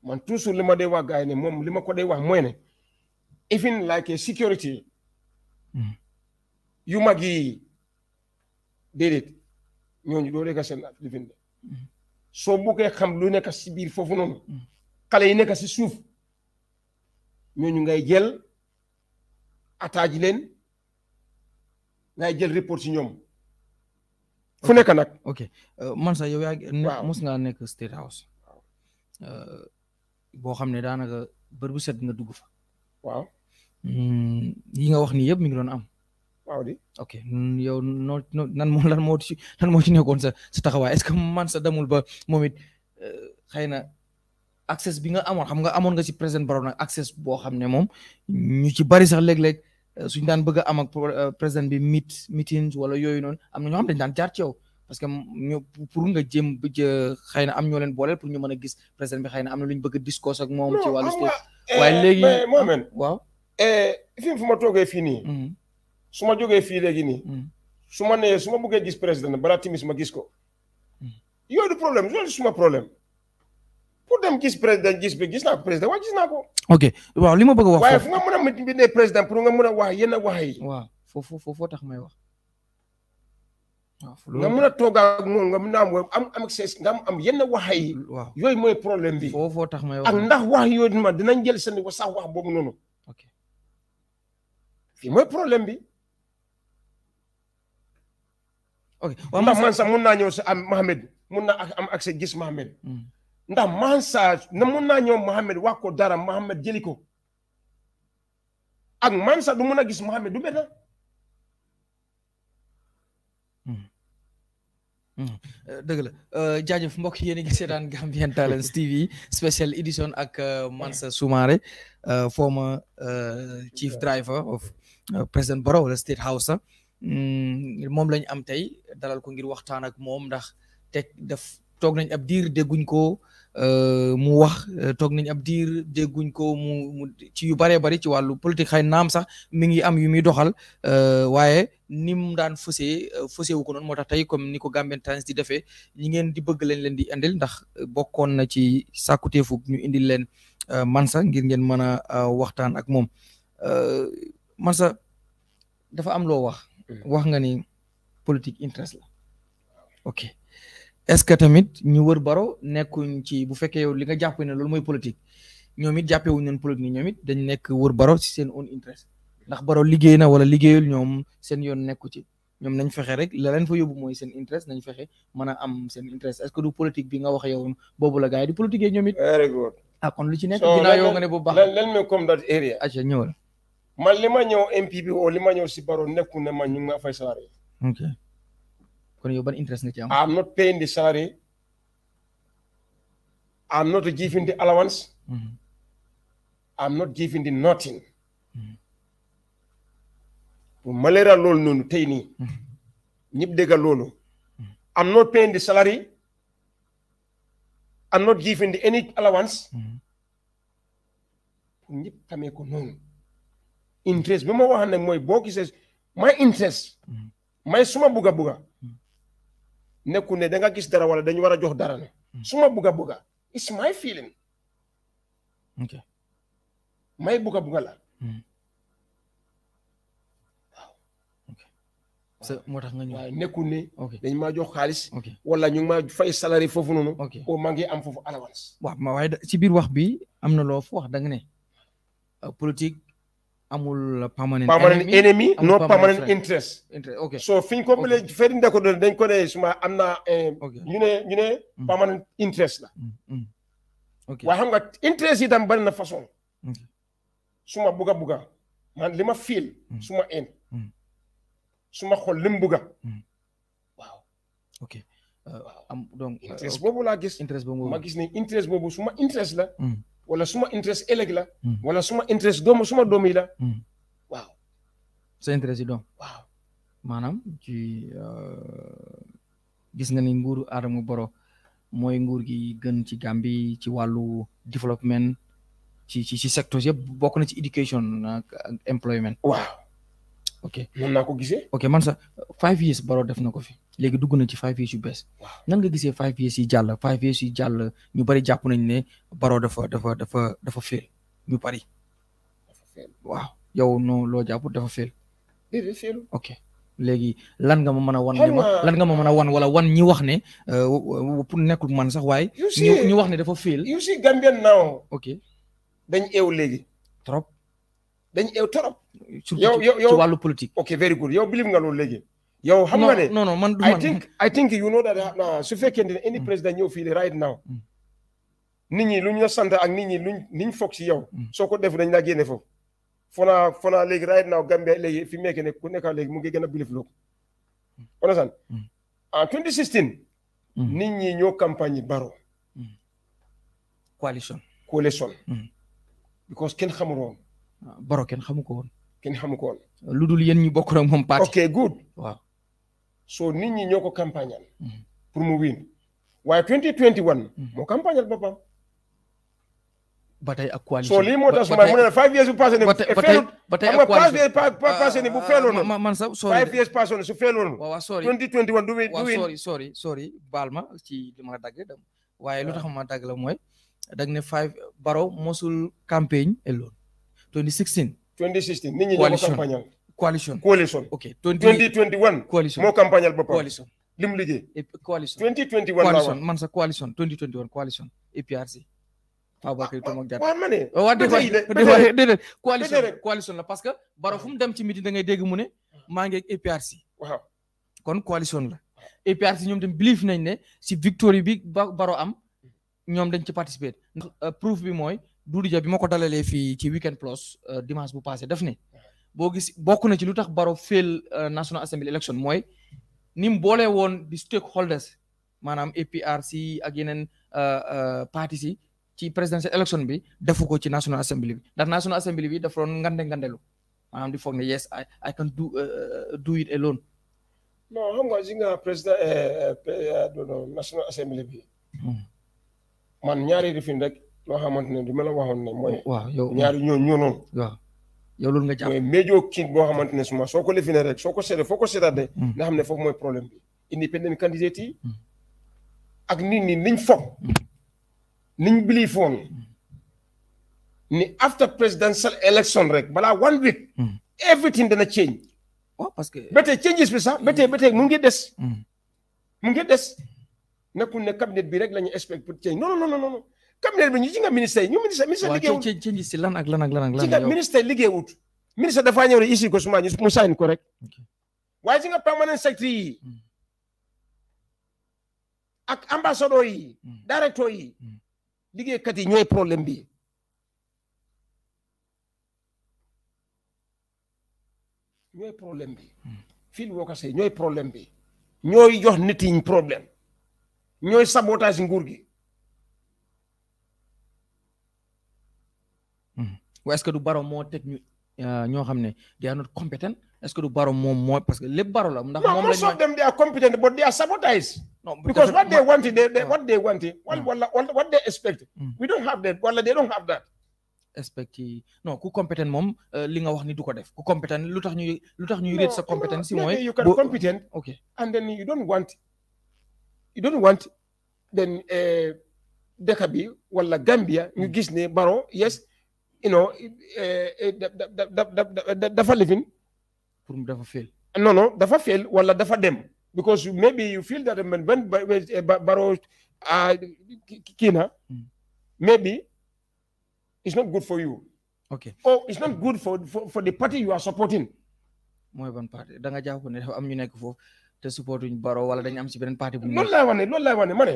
man toujours li ma dee wax gars yi ne moom lima ko dee wax mooy ne even like security hmm. yu mag yi déedéet ñooñu doo dégg seen lifin de hmm. soo buggee xam lu nekk si biir foofu noonu hmm. xale yi nekk si suuf ñooñu ngay jël attaaj leen ngay jël report si ñoom fu nekk nag. ok euh, man sax yow yaa mos ngaa nekk State House. Euh, boo xam ne daanaka bër bu sedd nga dugg fa. waaw. Hmm, yi nga wax ni yëpp mi ngi doon am. ok yow noo nan moom lan moo ci lan moo ci nekkoon sa sa taxawaay est-ce que man sa demul ba moom it euh, xëy na accès bi nga amoon xam nga amoon nga si président Barrow nag accès boo xam ne moom ñu ci bari sax léeg-léeg. suñ daan bëgg a am ak euh, président bi meet meetings wala yooyu noonu am na ñoo xam dañ daan jaar ci parce que ñu pour nga jëm bëj xëy na am ñoo leen booleel pour ñu mën a gis président bi xëy na am na lu ñu bëgg a discours ak moom ci wàllu state eh, waaye léegi moomen ah, waaw eh, fi fu ma toogee fii nii mm-hmm. su ma jógee fii léegi nii mm-hmm. su ma nee su ma bëggee gis président balaa timis ma gis ko mm-hmm. yooyu du problème loolu suma problème pour dem gis président gis bi gis naa ko président waaye gis naa ko. ok waaw li ma bëgg a wax. waaye fu nga mën a bindee président pour nga mën wax yenn wax yi. waaw tax may wax. nga mën a toog moom nga mën am am accès am yenn wax yi. waaw yooyu mooy problème bi. foofu tax may wax ak ndax wax yooyu dina dinañ jël seen wa sax wax boobu noonu. ok fii problème bi. ok waaw man sax mun naa ñëw si am Mohamed mun naa am accès gis Mohamed. Hmm. ndax Mansa na mun naa ñëw Mohamed wax dara Mohamed jëli ko ak Mansa du mun a gis Mohamed du benn. Hmm. Hmm. Eh, dëgg la eh, jaajëf mbokk yéen a ngi seetaan Gambian Talents TV special edition ak eh, Mansa Sumareh former chief driver of President Barrow la State House hmm, moom lañ am tey dalal ko ngir waxtaan ak moom ndax teg daf toog nañ ab diir dégguñ ko. Euh, mu wax euh, toog nañ ab diir dégguñ ko mu mu ci yu baree bari ci wàllu politique xëy naam sax mi ngi am yu muy doxal euh, waaye ni mu daan fësee fësewu ko noonu moo tax tey comme ni ko Gambian Talents di defee ñi ngeen di bëgg leen leen di indil ndax bokkoon na ci sàkkuteefu ñu indil leen Mansa ngir ngeen mën a waxtaan ak moom Mansa dafa am loo wax hmm. wax nga ni politique interest la ok est-ce que tamit ñu wër baro nekkuñ ci bu fekkee yow li nga jàpp ne loolu mooy politique ñoom it jàppee wuñ leen ñoom it dañ nekk wër baro si seen on interest ndax baro liggéey na wala liggéeyul ñoom seen yoon nekku ci ñoom nañ fexe rek la leen fa yóbbu mooy seen interest nañ fexe mën a am seen interest est-ce que du politique bi nga wax yow boobu la gars yi di politique ñoom it. Ah, kon lu ci nekk ginnaaw yow nga ne bu baax. let me come that area. aca ñëwal. man li ma ñëw MPP o li ma ñëw si baro nekku ne ma ñu ngi ma fay salaire. ok. kon yow ban interest nga ci I am not paying the salary. I am not giving the allowance. I am mm-hmm. not giving the nothing. pour mm-hmm. loolu noonu tey nii. Mm-hmm. ñëpp déggal loolu. I am not paying the salary. I am not giving the any allowance. pour ñëpp xamee ko noonu. interest bi ma wax ne mooy boo gisee my interest. may suma buga buga. nekkul ne da nga gis dara wala dañu war a jox dara ne hmm. su ma bugg a bugg a it's may bugg a bugg a la hmm. moo tax nga ñëw waaye nekkul ne. dañ ma jox xaalis. wala ñu ngi maa fay salari foofu noonu. ok oo maa am foofu allowance. waaw ma waaye ci biir wax bi am na loo fu wax da nga ne euh, politique amul permanent enemy no permanent interest ok so fiñ ko bile ferinde ko doon dañ ko ne suma am na eh, ñu ne ñu ne mm. permanent interest la mm, mm. waaye xam nga interest yi tam bari na façon suma buga buga man li ma fiil suma en suma xol lim buga waaw ok euh, donc interest euh, boobu laa gis interest boobu ma gis ne interest boobu suma interest la wala suma interest eleg la hmm. wala suma interest domo suma domi la hmm. waaw sa interest dom. Wow. waaw maanaam ci euh, gis nga ni nguru adamu boro moy nguur gi gën ci gambi ci walu development ci ci ci secteurs yeb na ci education ak employment Wow. ok mën nako gisé ok man sa five years boro def nako fi léegi dugg na ci five years yu bees nan nga gisee five yi yi jàll five years yi jàll ñu bari jàpp nañ ne Barrow dafa dafa dafa dafa féel ñu bari waaw yow loo jàpp dafa féel ok léegi lan nga ma mën a wan ne ma lan nga ma mën a wan wala wan ñi wax ne euh, pour nekkul man sax waaye ñu wax ne dafa féel you see Gambian now dañ eew léegi trop dañ eew trop yow yow ci wàllu politique ok very good yow bilim nga loolu léegi yow xam nga ne non man du man I think I think you know that uh, su fekkente ne indi mm. président ñëw fii right now mm. nit ñi luñ la sant ak nit ñi ni niñ foog si yow. Mm. soo ko def dañ laa génne foofu. fona fona léegi right now Gambia léegi fi mu nekk ne ku nekka léegi mu ngi gën a bilif loo understand en ñi ñoo campagne baro. coalition. coalition. because kenn xamul woon. Ah, baro kenn xamu ko woon. kenn xamu ko woon. lu dul yéen ñi bokk rek moom parti. ok good so nit ñi ñoko ko pour mu win waaye 2021 mm-hmm. mo campagne papa batay tey ak coalition so li mo tax ma mo ne years bu passé ne bu feelut ba tey ak coalition xam passé ne bu ah, feeloon man man sa sorry years passé ne su feeloon waaw wa sorry 2021 du win du win sorry sorry sorry balma ci li dagge dem waye lutax ah. ma dag la moy dag ne 5 baro mosul campagne elloon 2016 2016 nit ñi ñoko ko coalition coalition ok 2021 coalition moo campagnal boppam coalition lim liggéey coalition coalition man coalition APRC Fabakary Tombong Jatta waaw ma ne oh, waaw déedéet coalition la parce que baro fu mu dem ci midi da ngay dégg mu ne maa ngi APRC kon coalition la APRC ñoom tam believe nañ ne si victoire bi ba baro am ñoom dañ ci participer ndax euh, proof bi mooy Doudou Dia bi ma ko dalalee fii ci weekend plus euh, dimanche bu passé daf ne Bogis, gis na ci lutax baro euh, National Assembly election moy, nim mu boole di stakeholders manam APRC ak euh euh parti ci presidential election bi defu ko ci National Assembly bi da National Assembly bi dafa doon ngande ngandelu manam di fogné yes I can do euh, euh, do it alone. No, xam nga euh nga National Assembly bi. Hmm. man ñaari rifin rek lo xamantene di du ma la waxoon waaw ñaari ñoo ñoo non waaw. yow loolu nga jàpp mooy major boo xamante ne suma soo ko lifine rek soo ko seede foo ko seedaat de hmm. nga xam ne foofu mooy problème bi independent candidate hmm. ak nit ñi niñ foog niñ believe woon ni after presidential election rek balaa one week hmm. everything dana change waaw oh, parce que ba tey changes bi sax ba tey mu ngi des mu ngi des nekkul ne cabinet bi rek la ñu expect pour change non non non cabinet bi ñu ci nga ministère yi ñu ministère ministère liggéeyul waaw ci ci lan ak lan ak lan ak lan ci nga ministère liggéeyut ministère dafaa ñëw rek ko suma ñu mu sign ko rek waaye ci nga permanent secretary yi hmm. ak ambassadeur yi hmm. directeur yi hmm. liggéeykat yi ñooy problème bi ñooy problème bi field workers yi ñooy problème bi ñooy jox nit yi problème ñooy sabotage nguur gi ou est que du baro moo teg ñu euh, ñoo xam ne they are not competent est que du baro moo mooy parce que lépp baro la. ndax moom la ñu non them they are competent but they are sabotage. because ah. what they want what they ah. want wala what they expect. Hmm. we don't have that wala they don't have that. expect yi non ku compétent moom euh, li nga wax ni du ko def ku compétent lu tax ñuy lu tax ñuy réet sa compétence si mooy you can competent ok and then you don't want then euh, dëkk bi wala Gambia ñu hmm. gis ne baro yes you know eh, eh, dafa living pour dafa fail non non dafa fail wala dafa dem because maybe you feel that man when eh, Barrow ah, kii na hmm. maybe it's not good for you okay oh it's not good for for the party you are supporting mooy ban parti da nga jàpp ne dafa am ñu nekk foofu te supportuñ Barrow wala dañu am si beneen parti bu loolu laay wane wane ma ne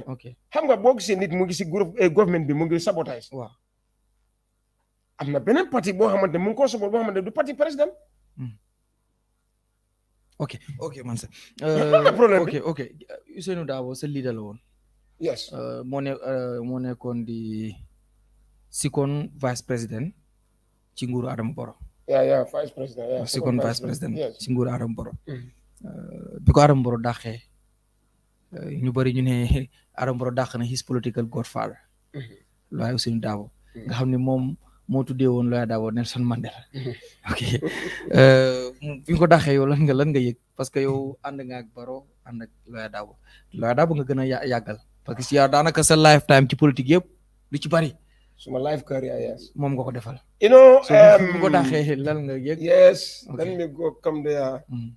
xam nga boo gisee mu ngi si groupe government bi mu ngi sabotage waaw amna benen parti bo xamante mu ko sobal bo xamante du parti président. Hmm. ok ok man sa. <laughs> euh ok ok Ousseynou Dabo sa leader la woon. yes mo ne ne kon di vice President, ci nguru adam boro ya yaa vice président ya, Si kon vice président ci nguuru boro. Barrow. Hmm. Eh, bi ko Adama Barrow dàqee eh, ñu bari ñu né <laughs> adam boro dax na his political godfather. Lo Ousseynou Dabo. nga mom ne mom moo tuddee woon loya dawo Nelson Mandela. Mhm. ok euh fi ko daxé yow lan nga lan nga yek parce que yow and nga ak Baro and ak looy daawoo looy daawoo nga gëna yagal parce que ya yow sa lifetime ci politique yépp lu ci bari. suma life career yes. mom nga ko defal. you know. so bi um, ko daxé lan nga yek yes let me go come there. Mm.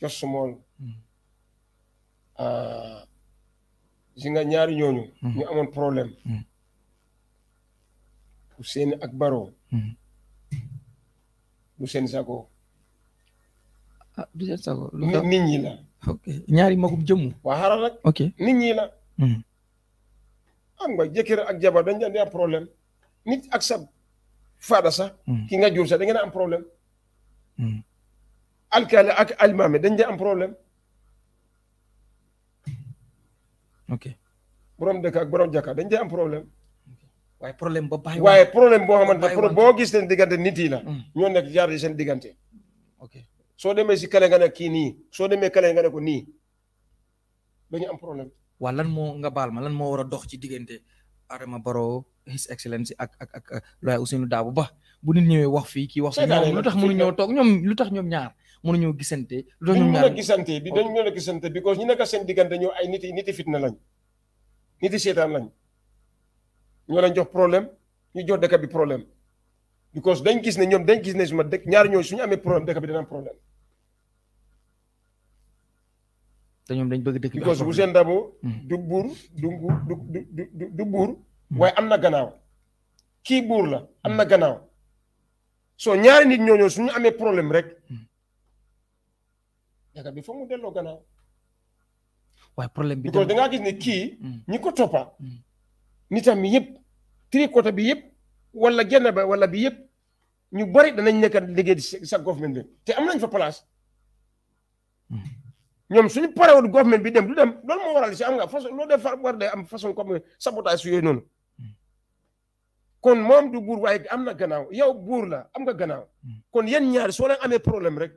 just small. Mm. Ah, jinga ñaar ñooñu. Mm. ñu amone problème. Ousseyn ak Baro. Hmm. seen sago. ah du seen sago. nit ñi la. ok ñaari magum jëmm. waa xaaral ok nit ñi la. Hmm. am nga jëkkër ak jabar dañ daan am problème nit ak sa faada sax. Hmm. ki nga jur sax da ngeen am problème. alkaale ak almaame dañ daan am problème. ok borom dëkk ak borom jàkka dañ daan am problème. waaye problème ba bàyyi waaye problem bo xamante problem bo gis niti diggante nit yi la. ñoo mm. nek jaar sen digante ok soo demee si kale nga ne kii nii soo demee kale nga ne ko dañu am problème. wa lan mo nga bal ma lan mo war a dox ci diggante Adama baro His Excellency ak ak ak loya Ousainou Darboe Bah bu nit ñëwee wax fii kii wax. fi ñoom lu tax mënuñoo toog ñoom lu tax ñoom ñaar mënuñoo gisante. lu tax ñaar gisante bi dañ mën gisante because ñu nekk seen diggante ñoo ay nit yi nit fitna lañ nit yi lañ ñoo leen jox problème ñu jox dëkk bi problème because dañ gis ne ñoom dañ gis ne suma dëkk ñaari ñooñu suñu amee problème dëkk bi dina am ñoom dañ bëgg dëkk bi because Ousainou Darboe mm-hmm. du buur du du du buur. Mm-hmm. waaye am na gannaaw kii buur la am na gannaaw soo ñaari nit ñooñu suñu amee problème rek mm-hmm. dëkk bi foog mu delloo gannaaw. waaye problème bi da ngaa gis ne kii. ñi ko toppa nitam yi yëpp tricoté bi yëpp wala genn ba wala bi yëpp ñu bari danañ nekk liggéey di sa government bi te am nañ fa place hmm. ñoom suñu parewul government bi dem lu dem loolu moo waral si am nga lool loolu def war de am façon comme sabotage su yooyu noonu hmm. kon moom du buur waaye am na ganaaw yow buur la am nga gannaaw hmm. kon yéen ñaari soo leen amee problème rek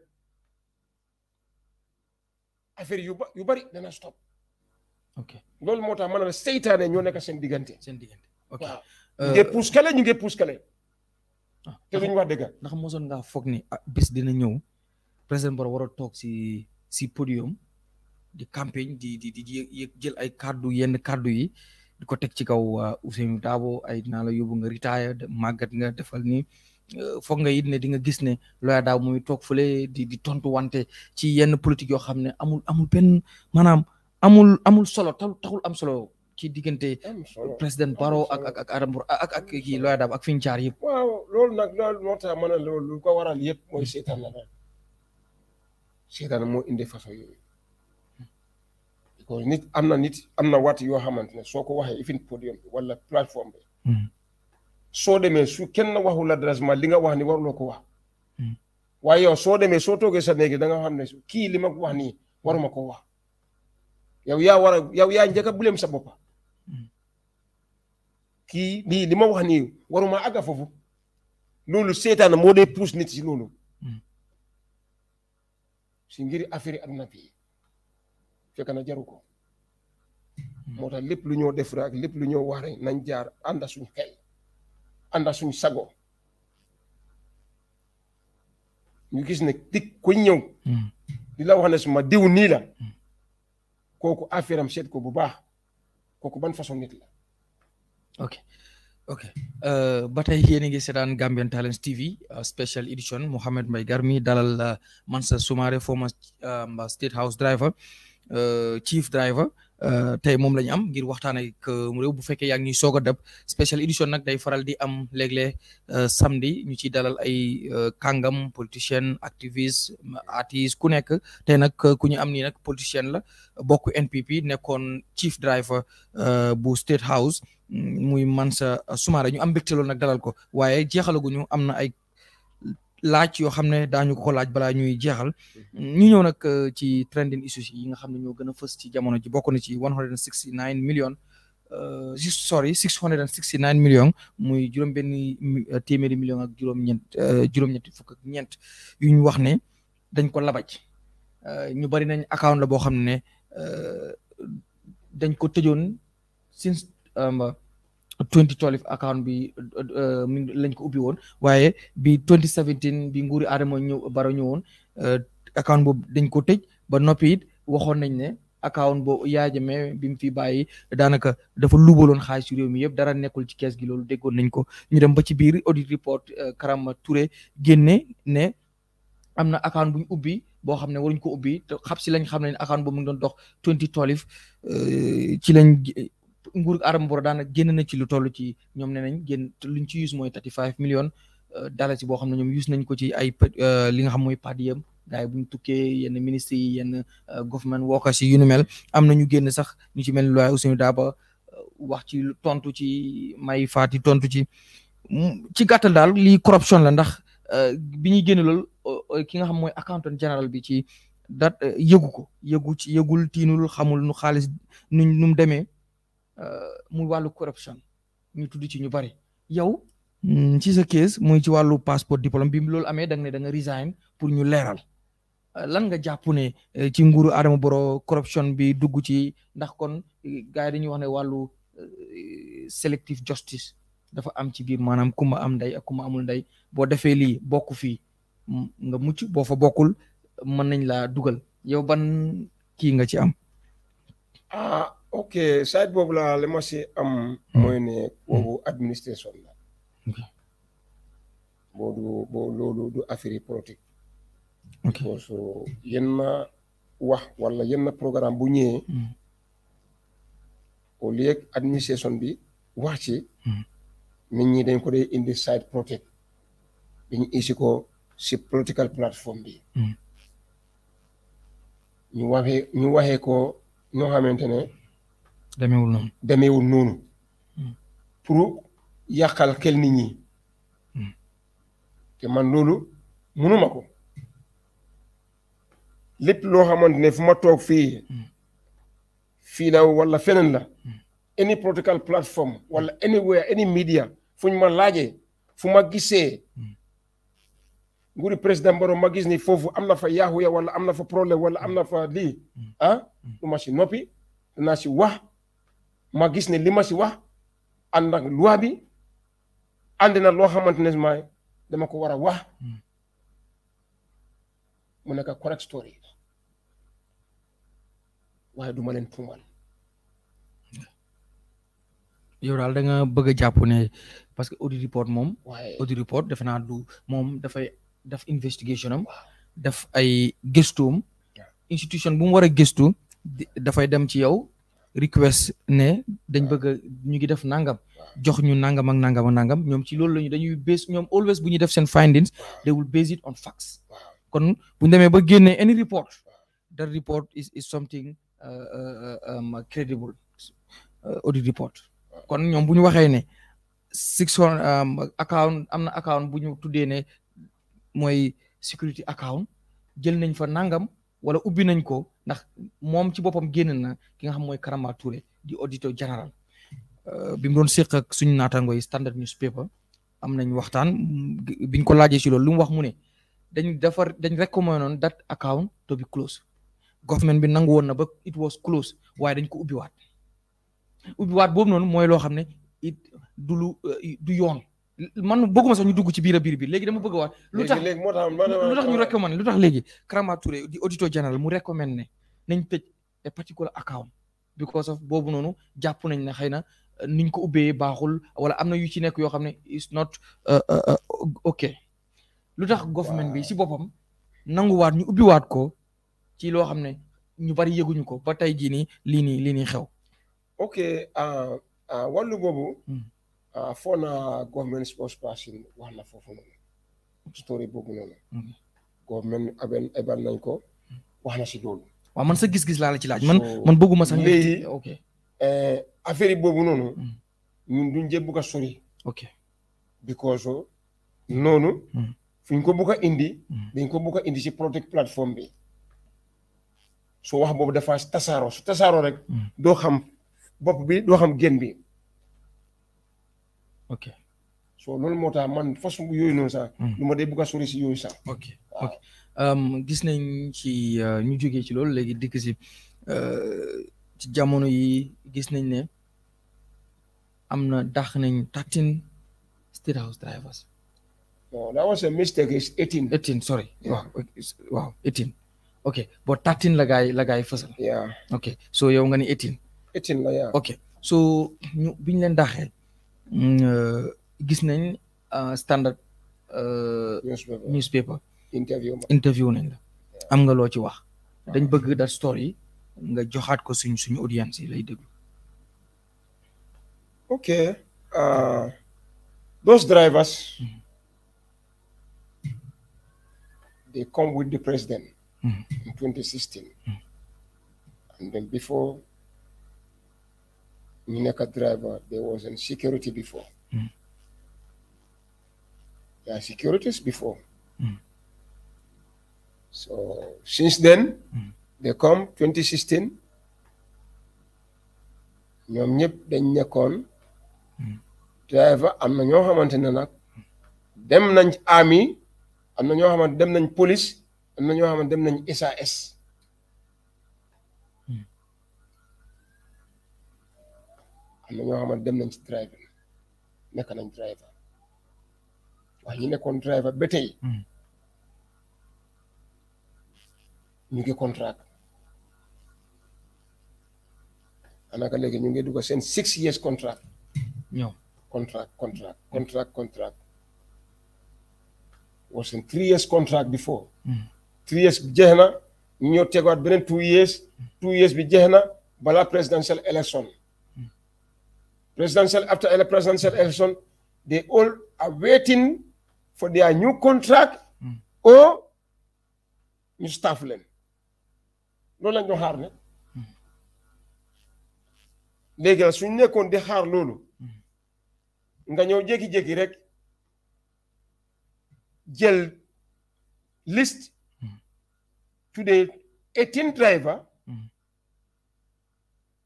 affaire yu ba yu bari dana stop ok loolu moo tax ma ne la seytaane ñoo nekk seen diggante. seen diggante ok waaw euh, ñu ngi puuskale ñu ngi puuskale. Ah, te ndax mosoon ngaa foog ni ah, bis dina ñëw président Barrow war a toog si si podium di campagne di di di jël ay kàddu yenn kàddu yi di ko teg ci kaw uh, Ousainou Darboe ay naa la yóbbu nga retire màggat nga defal nii euh, foog nga it ne di nga gis ne Lawyer Darboe muy toog fële di di tontu wante ci yenn politique yoo xam ne amul amul benn maanaam. amul amul solo taxul am solo ci diggante président Barrow ak ak ak ak ak kii Lawyer ak fi ñu jaar yëpp. waaw loolu nag loolu moo tax ma loolu lu ko waral yëpp mooy seetaan la daal seetaan moo indi façon yooyu. nit am na nit am na yoo xamante ne soo ko waxee ifin podium bi wala plateforme bi. Hmm. soo demee su kenn waxul la directement li nga wax ni waruloo ko wax. Hmm. waaye yow soo demee soo toogee sa néeg da nga xam ne kii li ma ko wax nii waruma ko wax. yow yaa war a yow yaa njëkk a buleem sa boppa kii nii li ma wax nii waruma àgga foofu loolu seetaan moo dee pousse nit si loolu hmm. si ngir affaire yi aduna bi fekk na jaru ko hmm. moo tax lépp lu ñoo def rek lépp lu ñoo wax rek nañ jaar ànda suñ xel ànda suñ sago ñu gis ne tig ku ñëw hmm. di la wax ne suma diw nii la kooku affaire am set ko bu baax kooku ban façon nit la. ok ok euh, ba tey yéen a ngi seetaan Gambian Talents TV euh, special edition Mouhamed Mbaye Garmi dalal euh, Mansa Soumaré former state house driver. Euh, chief driver euh, tey moom la ñu am ngir waxtaanee ak euh, réew bu fekkee yaa ni ñuy soog a dab special edition nag day faral di am léeg-léeg samedi ñu ciy dalal ay kàngam politicien activiste artiste ku nekk te nag ku ñu am nii nag politicien la bokk NPP nekkoon chief driver bu State House mm, muy Mansa Sumareh ñu am mbégte loolu nag dalal ko waaye jeexalaguñu am na ay. laaj yoo xam ne daañu ko laaj balaa ñuy jeexal mhm. ñu ñëw nag euh, ci trending issues yi nga xam ne ñoo gën a fës ci jamono ji bokk na ci one hundred and sixty nine million euh, juste sorry six hundred and sixty nine million muy juróom-benn euh, téeméeri million ak juróom-ñeent juróom-ñetti fukk ñeent yu ñu wax ne dañ ko labaj ñu bari nañ account la boo xam ne dañ ko tëjoon since 2012 account bi euh, lañ ko ubbi woon waaye bi 2017 bi nguuri Adama ñëw Barrow ñëwoon euh, account bo dañ ko tëj ba noppi it waxoon nañ ne account boobu Yahya Jammeh bi mu fi bàyyi daanaka dafa luubaloon xaalis ci réew mi yëpp dara nekkul ci kees gi loolu déggoon nañ ko ñu dem ba ci biir audit report euh, Karama Touré génne ne am na account buñ ñu ubbi boo xam ne ko ubbi te xab si lañ xam ne account bo mu ngi doon dox 2012 ci lañ. nguur Aramboro daana génn na ci lu toll ci ñoom nee nañ génn luñ ci use mooy 35 millions euh, dalasi boo xam ne ñoom use nañ ko ci ay euh, li nga xam mooy padiyam gars yi buñ tukkee yenn ministres yi yenn euh, government workers yi yu nu mel am na génn sax ñu ci mel ni looy Ousseynou Daaba wax ci tontu ci may faati tontu ci ci gàttal daal lii corruption la ndax bi ñuy génn lool ki nga xam mooy accountant général bi ci dat yëgu ko yëgu ci yëgul tiinul xamul nu xaalis nu nu mu demee. Euh, muy wàllu corruption ñu tudd ci ñu bari yow hmm, ci sa case muy ci wàllu passeport diplôme bi loolu amee da nga ne resign pour ñu leeral euh, lan nga jàpp ne euh, ci nguuru Adama boro corruption bi dugg ci ndax kon gars yi dañuy wax ne wàllu selective justice dafa am ci biir maanaam ku ma am ndey ak ku amul day boo defee lii bokk fii nga mucc boo fa bokkul mën nañ laa dugal yow ban kii nga ci am. Ah, ok side boobula laa am. mooy ne hmm. boobu hmm. administration la. boo du boo loolu du affaire politique. ok parce wax wala yenn programme bu ñëwee. Hmm. au lieu administration bi wax ci. nit ñi dañ ko dee indi side politique. dañu isi ko si political platform bi. ñu waxee ñu waxee ko ñoo xamante ne. demeewul noonu demeewul noonu hmm. pour yàqal xel nit ñi hmm. te man loolu mënuma ko lépp loo xamante ne fu ma toog fii hmm. fii la wala feneen la any protocol platform wala anywhere any media fu ñu ma laajee fu ma gisee nguuri président Barrow ma gis ni foofu am na fa yaaxu ya am na fa problème wala am na fa lii ah lu ma si noppi danaa si wax ma gis ne li ma si wax ànd ak loi bi ànd na loo xamante ne dama ko war a wax hmm. mu nekk correct story waaye du ma leen tuumal. yow daal danga nga bëgg jàpp ne parce que audit report moom. waaye audit report defe naa du moom dafay def investigation am. def ay gëstoom. institution bu mu war a gëstu dafay dem ci yow. request ne dañ bëgg ñu ngi def nangam jox ñu nangam ak nangam nangam ñoom ci loolu lañu dañuy base ñoom always bu ñuy def seen findings they will base it on facts kon bu ñu demee ba génnee any report that report is is something uh, uh, um, credible uh, audit report kon ñoom bu ñu waxee ne six hundred um, account am na account bu ñu tuddee ne mooy security account jël nañ fa nangam wala ubbi nañ ko ndax moom ci boppam génn na ki nga xam mooy Karamba Touré di auditeur général euh, bi mu doon séq ak suñu naataango yi standard newspaper am nañ waxtaan biñ ko laaje ci loolu lu mu wax mu ne dañ defar dañ recommandé woon that account to be close government bi nangu woon na ba it was close waaye dañ ko ubbiwaat ubbiwaat boobu noonu mooy loo xam ne it du lu euh, du yoon man bëgguma sax ñu dugg ci biir biir bi léegi dama bëgg a waat lu tax lu tax ñu recommandé lu tax léegi Karama Touré di auditeur général mu recommandé ne nañ tëj a particular account because of boobu noonu jàpp nañ ne xëy na euh, niñ ko ubbee baaxul wala am na yu ci nekk yoo xam ne is not euh, euh, ok lu tax government bi si boppam nanguwaat ñu ubbiwaat ko ci loo xam ne ñu bari yëguñu ko ba tey jii nii lii nii lii nii xew ok wàllu boobu hmm. Ah, foo naa government spokesperson wax na foofu noonu story boobu noonu mhm. government aben ebal nañ ko wax na si loolu waaw man sa gis-gis laa la ci laaj man man bëgguma sax léegi ok eh, affaire boobu noonu mhm. ñun duñ jee bugg a sori ok because noonu mhm. fi ñu ko bugg a indi dañ ko bugg a indi si protect plateforme bi soo wax boobu dafa tasaaroo su tasaaroo rek doo xam bopp bi doo xam génn bi ok so loolu moo tax man façon yooyu noonu sax. lu hmm. ma dee bugg a sori si yooyu sax. ok ok gis nañ ci euh, ñu jógee ci loolu léegi dikk si euh, jamono yi gis nañ ne am na dàq nañ thirteen state house drivers. non that was a mistake it's eighteen. eighteen so yow nga ni eighteen. eighteen la yaa ok so ñu biñ leen dàqee. gis nañ ah, standard ah, newspaper interview nañ la am nga loo ci wax ah. dañ bëgg that story nga joxaat ko suñ suñu audience yi lay déglu okay uh, those drivers mm -hmm. they come with the president mm -hmm. in 2016 mm -hmm. and then before ñu nekk driver there wasn't security before hmm. there are securities before hmm. so since then hmm. they come 2016 ñoom ñëpp dañ nekkoon driver am na ñoo xamante ne nag dem nañ army am na ñoo xamante dem nañ police am na ñoo xamante dem nañ SAS am na ñoo xamante dem nañ ci driver nekk nañ driver wax ñu nekkoon driver ba tey hmm. ñu ngi contract anaka léegi ñu ngi dugg seen six years contract ñoom contract contract contract contract was seen three years contract before hmm. three years bi jeex na ñu ñoo tegaat beneen two years hmm. two years bi jeex na balaa presidential election presidential after ele presidential election, they all are waiting for their new contract mm. or ñu staff leen loolu la ñu xaar ne mm. léegi nag suñ nekkoon di xaar loolu mm. nga ñëw jékki-jékki rek jël list mm. today eighteen driver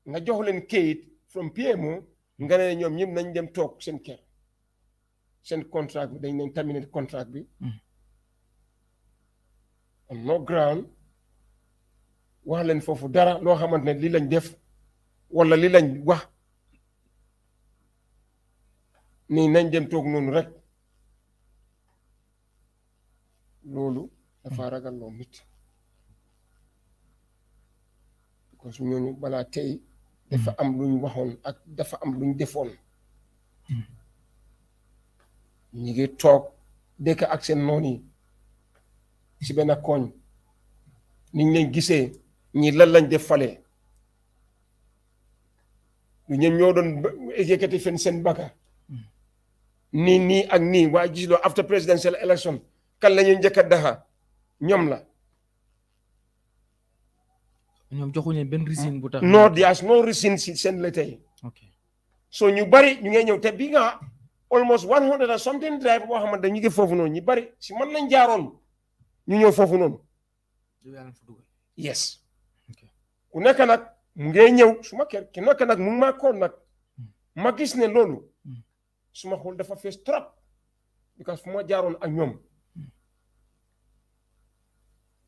nga jox leen kayit from PMO nga ne ñoom ñëpp nañ dem toog seen kër seen contrat bi dañ leen terminer contrat bi hmm. on no ground wax leen foofu dara loo xamante ne lii lañ def walla lii lañ wax nii nañ dem toog noonu rek loolu dafa hmm. ragal loo nit parce que ñooñu balaa tey dafa mm. am lu ñu waxoon ak dafa am lu ñu defoon. Mm. ñu ngi toog dëkk ak seen noon yi si benn koñ niñ leen gisee ñi lan lañ def fale lu ñeen ñoo doon yëkkati fen seen bakka mm. ni nii ak nii waaye gisuloo after presidential election kan lañuy ñuy njëkk a daxa ñoom la ñoom joxuñu leen benn hmm. reason bu tax. non there's no reason si seen letter yi. ok so ñu bari ñu ngay ñëw te bi nga almost one hundred and something drive boo xamante ñu ngi foofu noonu ñu bari si man lañ jaaroon ñu ñëw foofu noonu. yes. ku nekk nag mu ngay ñëw su ma kër ku nekk nag mu ngi maa koon nag hmm. ma gis ne loolu hmm. suma ma xool dafa fees trop because fu ma jaaroon ak ñoom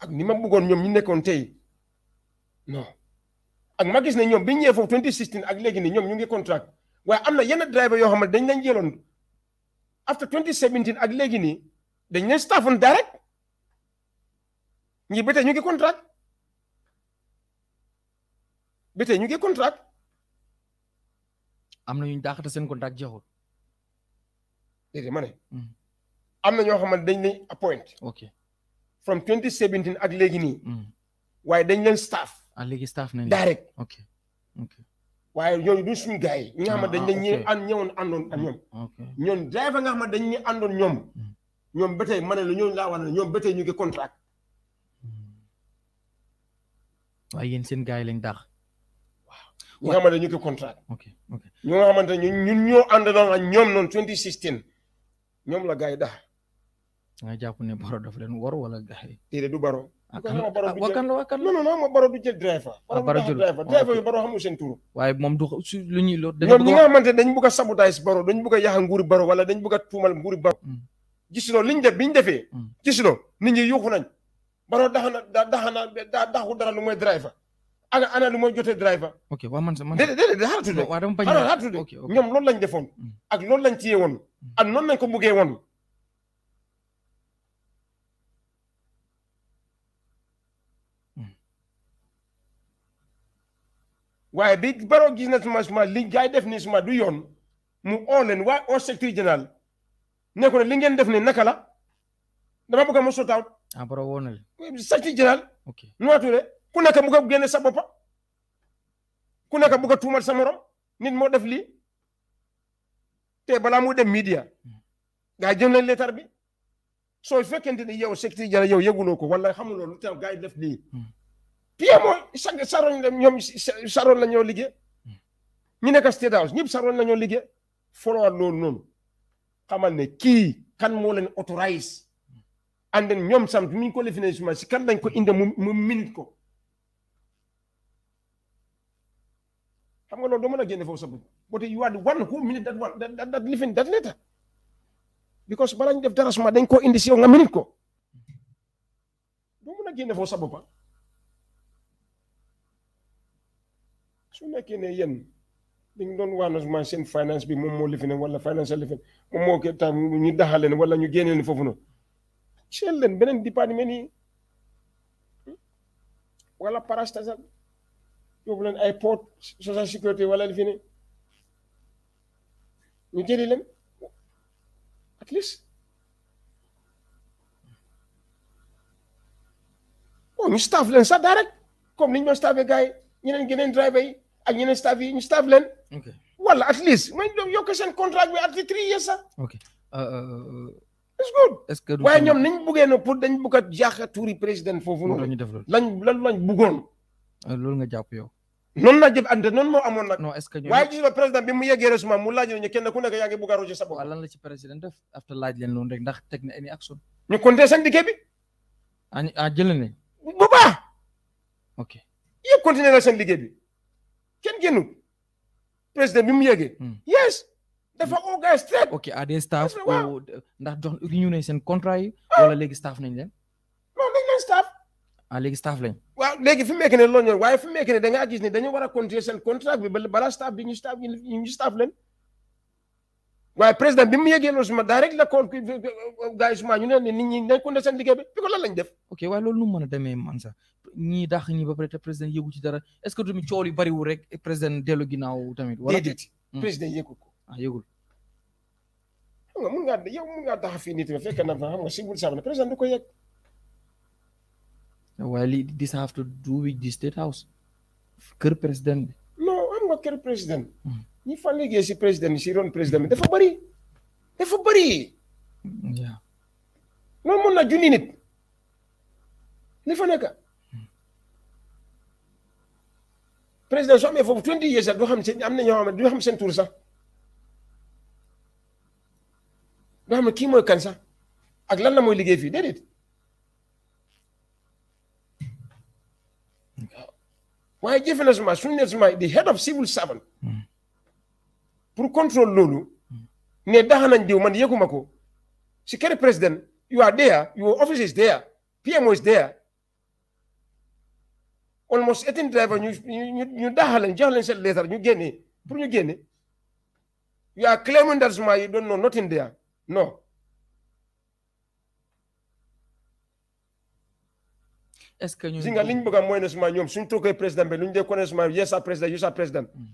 ak ni ma bëggoon ñoom ñu nekkoon tey. non ak ma gis ne ñoom bi ñu ñëwee foofu 2016 ak léegi nii ñoom ñu ngi contract waaye am na yenn driver yoo xam ne dañ leen jëloon after 2017 ak léegi nii dañ leen staffoon direct ñi ba ñu ngi contract ba ñu ngi contract. am na ñu daaxata seen contract jeexul. déedéet ma ne. Hmm. am na ñoo xam ne dañ leen appoint. ok from 2017 ak léegi nii. Hmm. waaye dañ leen staff. ah léegi nañ nañu direct ok waaye ñooñu du suñu gars yi ñi nga xam ah, dañ ne an àndoon ak ñoom mm, ñoom driver nga xam dañ ñu àndoon ñoom mm. ñoom ba tey ma la ñooñu laa wax ne ñoom ba ñu ngi contract mm. waaye yéen seen gars yi lañ dàq ñi nga xamante ñu ngi contract ñu xamante ñu ñoom noonu 2016 ñoom la gars yi dax nga jàpp ne baro dafa leen war wala gars yi du baro ah, ah kan la waaw kan la non non ma Baro du jël driver. ah Baro jël driver ah, driver bi Baro xamul seen tur. waaye moom du su lu ñuy loolu. dañu ñoom ñi nga xamante ne dañ bugg a sabotage Baro dañ bugg a yàq nguuri Baro wala dañ bugg a tuumal nguuri Baro. Mm. gisuloo liñ def biñ defee. Mm. gisuloo nit ñi yuuxu nañ. Baro dax na dax na daxu dara lu mooy driver. ana ana lu mooy jotee driver. ok waaw man sa man déedéet déedéet xaaral tuuti. waaw dama bañ a ñoom loolu lañ defoon. Mm. ak loolu lañ ciyee woon. ak noonu lañ ko buggee woon. waaye bi Barrow gis na suma suma li def ni suma du yoon mu oo leen waaye au secteur général ne ko ne li ngeen def ne naka la dama bëgg mu sot out ah Barrow na leen secteur général nu waatu de ku nekk bëgg a génne sa boppa ku nekk bëgg a tuumal sa morom nit moo def lii te balaa mu dem media gaay jëm leen leetar bi soo fekkente ne yow secteur général yow yëguloo ko wala xamuloo lu tax gaay def lii hmm. PMO sag saroñ la ñoom saroon la ñoo liggéey ñu State House ñëpp saroon la ñoo liggéey followaat loolu noonu ne kii kan moo leen and then ñoom sam mi ñu ko lifine suma si kan dañ ko inde mu mu minute ko xam nga loolu doo mën a génne foofu sa bopp but you are the one who minute that one that that because balaa def dara suma dañ koo indi si yow nga minute ko doo mën a génne foofu sa bopp su nekkee ne yéen li ñu doon waanos man seen finance bi moom moo lifine wala finance a lifine moom moo ko tax ñu daxaleen wala ñu génneen foofu noonu seen leen beneen département yi wala parastasal yóbbu ay port wala lifine ñu jëli leen at least ñu staff leen sax direct comme ni ñu doon staffé gars yi ñeneen geneen driver yi ak ñeneen staff yi ñu staff leen. wala at least man yokk seen contrat bi at the three years sax. ok euh, euh, euh, it's good. est ñoom nañ buggee no pour dañ bugg a jaaxa tuuri président foofu noonu. def lan lañ buggoon. loolu nga jàpp yow. noonu la jëf ànd noonu moo amoon nag. non est-ce que waaye gis nga président bi mu yeggee resuma mu laaj ñu kenn ku nekk yaa ngi bugg a roje sa bopp. ci président def after laaj leen loolu rek ndax teg na any action. ñu compter seen dikkee bi. ah, ah jëlee nañ. seen liggéey bi. kenn génnul président bi mu yëgee. Hmm. yes dafa hmm. oo gars straight. ok à des staff. ndax jox ñu ne seen contrat yi. Ah. wala léegi staff nañ leen. non dañ leen staff. ah léegi staff lañ. waaw léegi fi mu nekk ne loolu waaye fi mu nekk da ngaa gis ne dañoo war a continuer seen contrat bi balaa staff bi ñu staff ñu staff leen. waaye président bi mu yëgee loolu suma direct la kon gars yi suma ñu ne nit ñi nañ ko seen liggéey bi bi ko lan lañ def. ok waaye loolu nu mu mën a demee man sax ñii dàq ñi ba pare te président yëgu ci dara est ce que tamit coow li bariwul rek président dellu ginnaaw tamit. Hmm. président yëgul ko. ah yëgul. xam nga mun ngaa yow mun ngaa tax fii nit ba fekk na fa xam nga Sigmund Saban président du ko yëg. waaye li this have to do with the state house. kër président bi. non am nga kër président. Hmm. ñi fa liggéey si président si ron président bi dafa bari. dafa bari. waaw. loolu na junni nit. li fa nekk. président su amee for 20 years du xam seen am na ñoo xam ne du xam seen tur sax du xam ne kii mooy kan sax ak lan la mooy liggéey fii déedéet waaye jëfe na suma suñ ne suma di head of civil servant hmm. pour contrôle loolu hmm. ne daxa nañ diw man yëguma ko si kër président you are there your office is there PMO is there almost eighteen driver ñu ñu ñu daaxal leen jox leen seen leetar ñu génnee pour ñu génne you are claiming that my. you don't know nothing there no. est ce que ñu. si nga liñ bëgg a mooy suma ñoom suñ toogee président bi luñ dee ko suma yes a président yes a président. Mm.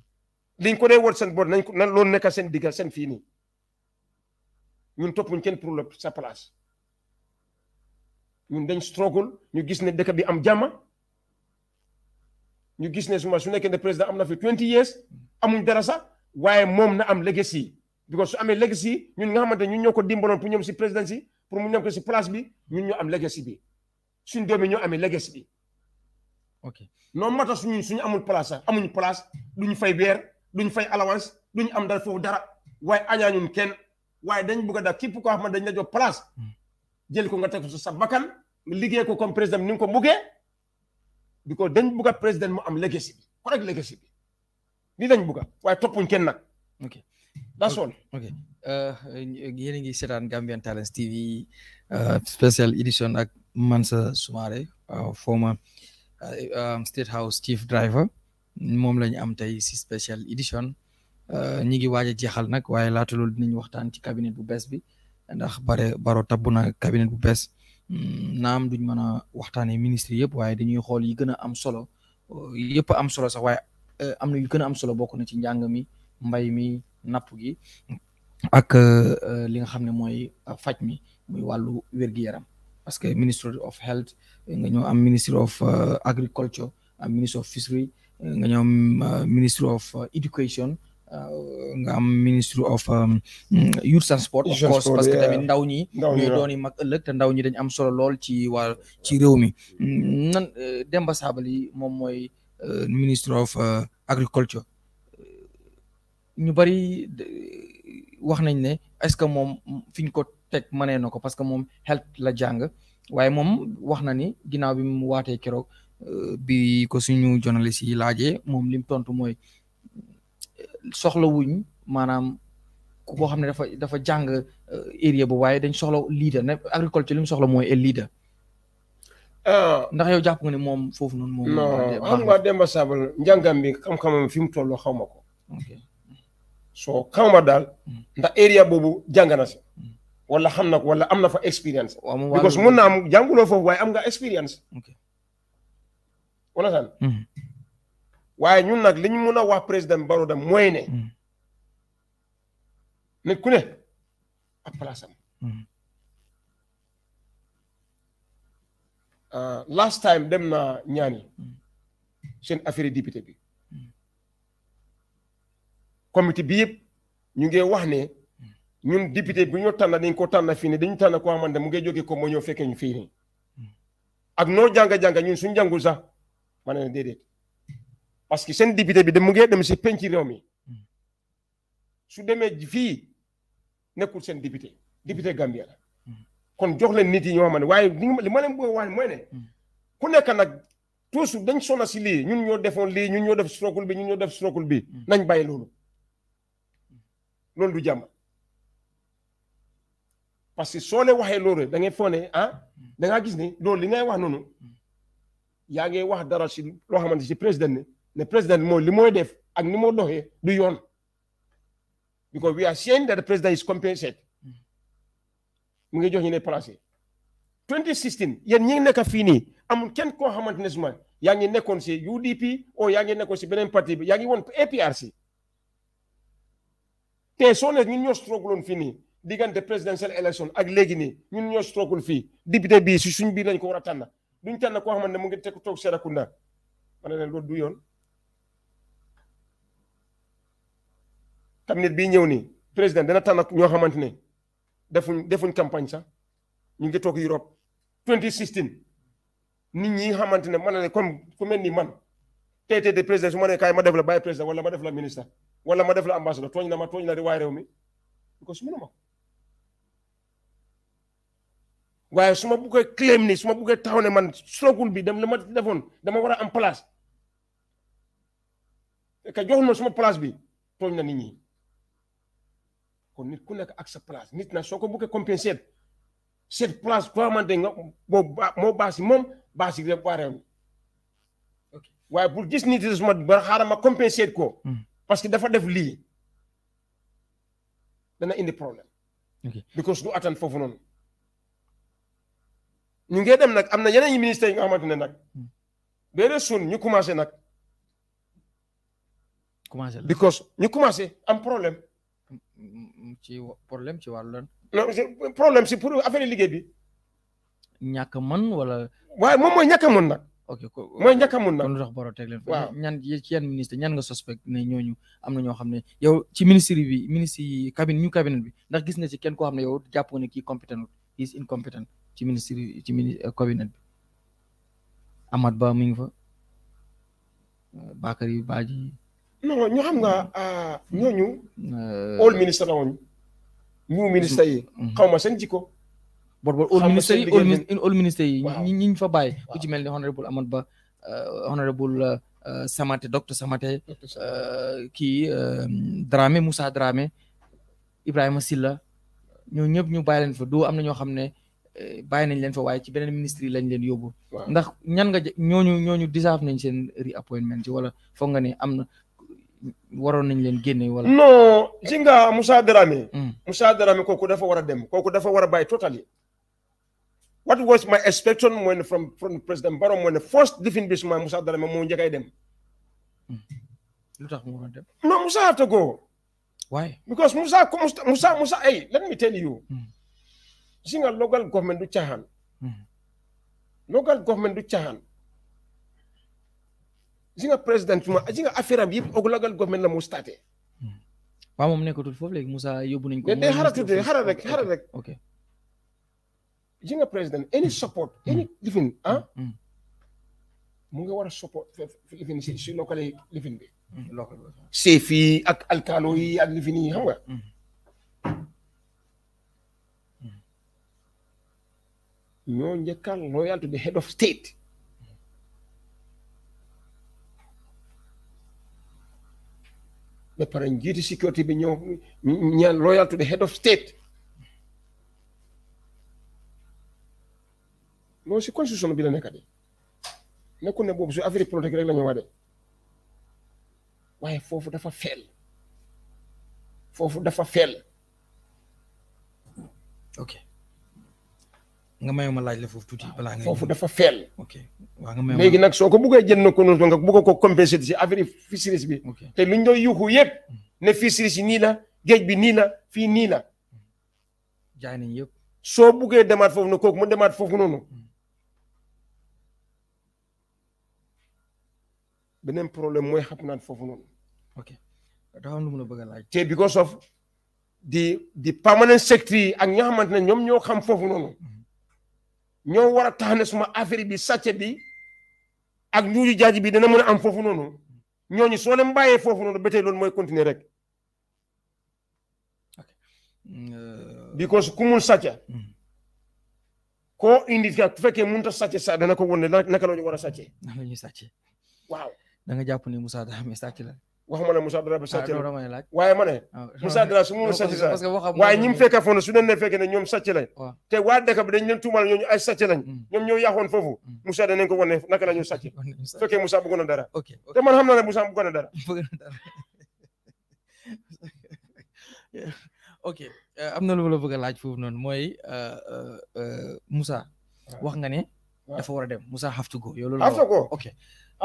liñ ko dee wër seen bopp nañ ko nan loolu nekk seen digga seen fii nii ñun toppuñ kenn pour la sa place ñun dañ struggle ñu gis ne dëkk bi am jàmm. ñu gis ne suma su nekkee ne président am na fi 20 years amuñ dara sax waaye moom na am legacy because su amee legacy ñun nga xamante ñun ñoo ko dimbaloon pour ñoom si présidence pour mu ñoom ko si place bi ñu ñoo am legacy bi suñ doom ñu ñoo amee legacy bi. ok noonu moo tax suñu amul place sax amuñ place duñ fay weer duñ fay allowance duñ am dara foofu dara waaye añaañun kenn waaye dañ bugg a daal képp koo xam ne dañ la jox place hmm. jël ko nga teg sa bakkan liggéey ko comme président ni ko buggee. because dañ bugg a président mu am legacy bi correct legacy bi lii dañ bugg a waaye toppuñ kenn nag. ok that's all. ok euh, yéen a ngi seetaan Gambian Talents TV euh, special edition ak Mansa Sumareh euh, former um, State House Chief Driver moom lañu am tey si special edition. ñi ngi waaj a jeexal nag waaye laata loolu dinañ waxtaan ci cabinet bu bees bi ndax bare baro tabbu na cabinet bu bees Mm, naam duñ mën a waxtaanee ministre yëpp waaye dañuy xool yi gën a am solo yëpp am solo sax waaye euh, am na yu gën a am solo bokk na ci njàng mi mbay mi napp gi ak euh, li nga xam ne mooy faj mi muy wàllu wér-gi-yaram parce que ministry of health nga ñëw am ministry of euh, agriculture am ministry of fishery nga ñëw am ministry of education Euh, nga am ministre of um, mm, youth and sport of course parce que tamit ndaw ñi ñooy dooni mag ëllëg te ndaw ñi dañ am solo lool ci waa ci réew mi mm, nan euh, Demba Sabally moom mooy euh, ministre of agriculture ñu bari wax nañ ne est-ce que moom fiñ ko teg mënee na ko parce que moom health la jàng waye moom wax na ni ginnaaw bi mu waatee keroog bi ko suñu journaliste yi laajee moom lim tontu mooy soxla wuñ maanaam ku koo xam ne dafa dafa jàng eh, area bu waaye dañ soxla leader ne agriculture li mu soxla mooy el leader ah. ndax yow jàpp nga ne moom foofu noonu moom non xam bi xam fi mu toll xaw ma ko soo xaw ma daal hmm. ndax area boobu jàngana na si hmm. wala xam na ko wala am na fa expérience because mun na am jànguloo foofu waaye am nga expérience wala tan waaye ñun nag li ñu mun a wax président baro da mooy ne mm. nit ku ne ab palaasam mm. ah, last time dem na ñaani seen affaire député bi mm. comité bi yëpp ñu ngi wax ne ñun député bi ñu tànn dañ ko tànn fii ne dañu tànn ko xamante mu ngi jógee ko moo ñëw fekkee ñu fii nii ak noo jàng-jàng ñun suñ jàngul sax ma ne déedéet parce que seen député bi de mu ngee dem si penc réew mi hmm. su demee fii nekkul seen député député hmm. Gambia hmm. kon jox leen nit yi ñoo xam ne waaye li ma leen bëgg wax mooy ne ku nekk nag toujours dañ sona si lii ñun ñoo defoon lii ñun ñoo def struggle bi ñun ñoo def struggle bi nañ bàyyi loolu loolu du jàmm parce que soo leen waxee loolu da ngay foog ah da ngaa gis ni loolu li ngay wax noonu yaa ngee wax dara si loo xamante si président ne ne président bi mooy li mooy def ak ni moo doxee du yoon because we are saying that the president is compensated mu ngi jox ñu ne placé 2016 yéen ñi ngi nekk fii nii amul kenn koo xamante ne suma yaa ngi nekkoon si UDP oo yaa ngi nekkoon si beneen parti bi yaa ngi woon APRC te soo ne ñun ñoo struggle fii nii diggante presidential election ak léegi nii ñu ñoo struggle fii député bii si suñ biir lañ ko war a tànn duñ tànn koo xamante ne mu ngi teg toog Serekunda ma ne leen loolu yoon. cabinet bii ñëw ni président dana tànn ñoo xamante ne defuñ defuñ campagne sax ñu ngi toog Europe 2016 nit ñi xamante ne man ne comme ku mel ni man tey tey de président su ma nee kaay ma def la bàyyi président wala ma def la ministre wala ma def la ambassadeur tooñ na ma tooñ na di waa réew mi parce que su ma buggee claim ni su ma buggee taxaw ne man soogul bi dem la ma defoon dama war a am place te joxul ma suma place bi tooñ na nit ñi. kon nit ku nekk ak sa place nit na soo ko buggee compenser cette place boo xamante nga moo moo baasi moom baasi rek waa réew mi waaye bul gis nit yi suma ba xaaral ma compenser ko. Hmm. parce que dafa def lii dana indi problème. ok because du attan foofu noonu. ñu ngi dem nag am na yeneen ministère yi nga xamante ne nag. Hmm. béere suun ñu commencé nag. commencé la because ñu commencé am problème. Hmm. ci problème ci wàllu lan. non problème si pour affaire liggéey bi. ñàkk man wala. waaye moom mooy ñàkk mën nag. ok mooy ñàkk mën nag kon lu tax Baro teg leen. waaw ñan ci yan ministre ñan nga suspect ne ñooñu am na ñoo xam ne yow ci ministre bi ministre yi cabinet ñu cabinet bi ndax gis nga ci kenn koo xam ne yow jàpp nga ne kii compétent he ci ministre ci mini euh, cabinet bi. Amat Ba mi ngi fa Bakary Badji. non ñu xam nga hmm. ah, ñooñu. all euh, ministre ñu ministre yi. Mhm. xaw ma seen jikko. bor bor all ministre yi all ministre ñi ñu fa bàyyi. ku ci mel ni honorable Amadou Ba euh, honorable euh, Samaté docteur Samaté. Euh, kii Dramé Moussa Dramé Ibrahima Silla ñoo ñëpp ñu bàyyi leen fa du am na ñoo xam ne bàyyi nañ leen fa waaye ci beneen ministre yi lañ leen yobu ndax ñan nga ñooñu ñooñu deserve nañ seen reappointment ci wala foog nga ne am na waroon nañ leen génne wala. non si nga Moussa Darame. Hmm. Moussa Darame dafa war dem koku dafa war bay totally. what was my expectation when from from President Barrow when the first different bis Musa Moussa Darame mo idem? dem. Hmm. lutax mo dem. non Moussa to go. why. because Moussa Musa Musa. hey let me tell you. Hmm. si nga local government du chahan local government du chahan gis nga président ma gis nga affaire am yëpp oglagal government la mu staté waaw moom nekkatul foofu léegi Moussa yóbbu nañ ko day xaral tuuti xaral rek xaral rek ok gis nga président any support any lifin ah mu nga war a support lifin si si local yi lifin bi chef yi ak alkaalo yi ak lifin yi xam nga ñoo njëkka loyal to the head of state ba pare njiiti sécurité bi ñëw ñaan loyal to the head of state loolu si constitution bi la nekk de nekkul ne boobu su affaire politique rek la ñu wax de waaye foofu dafa feel foofu dafa feel ok nga may ma laaj la foofu tuuti. Ah, balaa nga dafa feel. ok waaw may ma léegi nag soo ko buggee jënd kono nga bugg ko compensé si affaire fisheries bi. te luñ doon yuuxu yëpp. ne fisheries yi nii la géej bi nii la fii nii la. jaay nañ soo buggee demaat foofu noonu kooku mu demaat foofu noonu. Hmm. beneen problème mooy xam naat foofu noonu. ok mu la bëgg a laaj. te because of di di permanent secretary ak ñoo xamante ne ñoom ñoo xam foofu noonu. Hmm. ñoo war a tax ne suma affaire bi sàcce bi ak ñuuju jaaji bi dana mën a am foofu noonu ñooñu soo leen bàyyee foofu noonu ba tey loolu mooy continuer rek. Euh, because ku mun sàcca hmm. indi ka ku fekkee mënut a sàcce sa dana ko wan ne naka la ñu war a sàcce. naka la ñuy sàcce. waaw da nga jàpp ni Musa Dramé sàcc la. wax ne Moussa Dara ba sàcc ah, la waaye ma ne ah, Moussa Dara su mënul sàcc sax waaye ñi mu fekkee foofu su leen ne fekkee ne ñoom sàcc lañ te waa dëkk bi dañ leen tuumal ñooñu ay sàcc lañ mm. ñoom ñoo yàqoon foofu mm. Moussa danañ ko wane naka la <laughs> ñu sàcc fekkee Moussa bëggoon dara te man xam naa ne Moussa dara <laughs> <laughs> ok euh, am na lu la bëgg a laaj foofu noonu mooy euh, euh, Moussa wax nga ne dafa war a dem Moussa have to go yow loolu have to go ok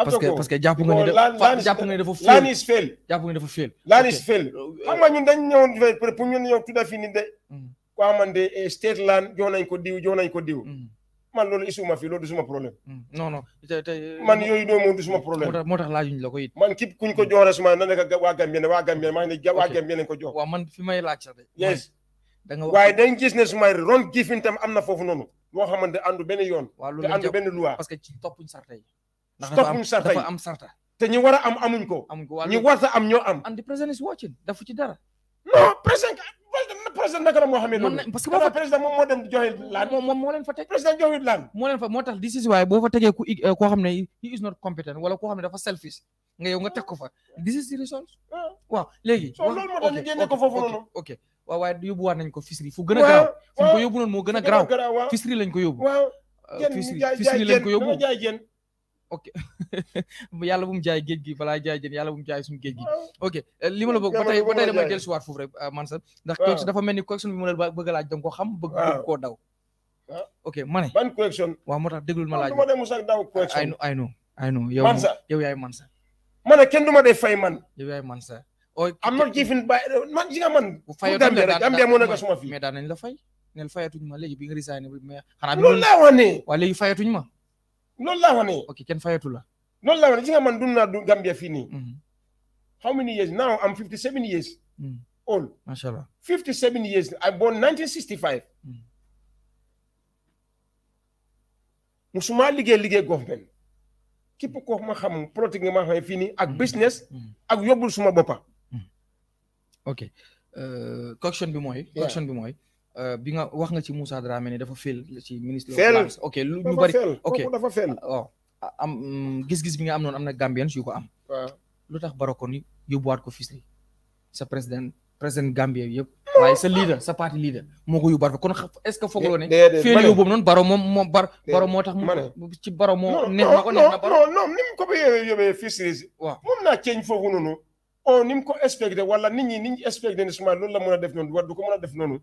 parce que parce que jàpp nga ne dafa jàpp nga ne dafa fail laan is fail jàpp nga ne dafa fail laan is fail euh, euh, tudda fii de hmm. eh, ko moo tax laajuñ hmm. na am na foofu noonu loo xamante andu benn yoon te andu benn loi parce que ci toppuñ sartey ndax dafa am sarta te ñi war a am amuñ ko. ñi war a am ñoo am. and the president is watching dafu ci dara. non président président naka la moo xamee loolu. moo tax this is why boo fa tegee ku eh, xam ne he is not competent wala koo xam ne dafa selfish nga yow nga teg ko fa this is the ah. waaw léegi. soo loolu moo tax ñu génne ko foofu noonu. ok waaw nañ ko fisri fu gën garaaw fu ñu ko noonu moo gën garaaw fisri lañ ko yóbbu. ok <laughs> yàlla bu mu jaay géej gi balaa jaay jën yàlla bu jaay suñu géej gi ah. ok eh, li a la bëgg ba tey ba tey damay del suwaat man sa ndax dafa mel ni question bi ma la bëgg a laaj danga ko xam bëgg koo daw ah. ok ma ne ban question waaw moo tax déglul ma laaj ma dem sax daw question ay no ay no yow man sa yow yaay man sa ma ne kenn du ma dee fay man yow yaay man sa am not giving by man ji nga man Gambia rek Gambia moo nekk suma nañ la fay nel fayatuñ ma léegi bi nga resigné mais xanaa loolu laa wax ne waaw léegi fayatuñ ma loolu laa wax ne. ok la. loolu laa nga man dund naa du Gambia fii nii. Mhm. how many years now I'm 57 years. Mhm. old. macha allah 57 years I born 1965. Mhm. musuma liggéey liggéey government képp koo ma xam politique ma xam fii nii ak business. ak yóbbul suma boppa ok. Euh, coction bi mooy. coction bi mooy. Eh, bi nga wax nga ci Moussa Dramé ne dafa fail ci ministre of ok lu ñu bari ok dafa fail ah, waaw am mm, gis-gis bi nga am noonu am na yu ko am lu tax Barrow kon yóbbuwaat ko Fisri sa président président Gambie yëpp waaye sa leader sa parti leader moo ko yóbbuwaat ko kon est ce que foogoo ne fail yóbbu boobu noonu Barrow moom moom Barrow moo tax mu ci Barrow moo neex na neex na Barrow non ni mu ko yóbbee Fisri waaw moom naa ceeñ foofu on oh, ni ko expecté wala nit ñi ni expecté ne suma loolu la mën def noonu war du ko mën def noonu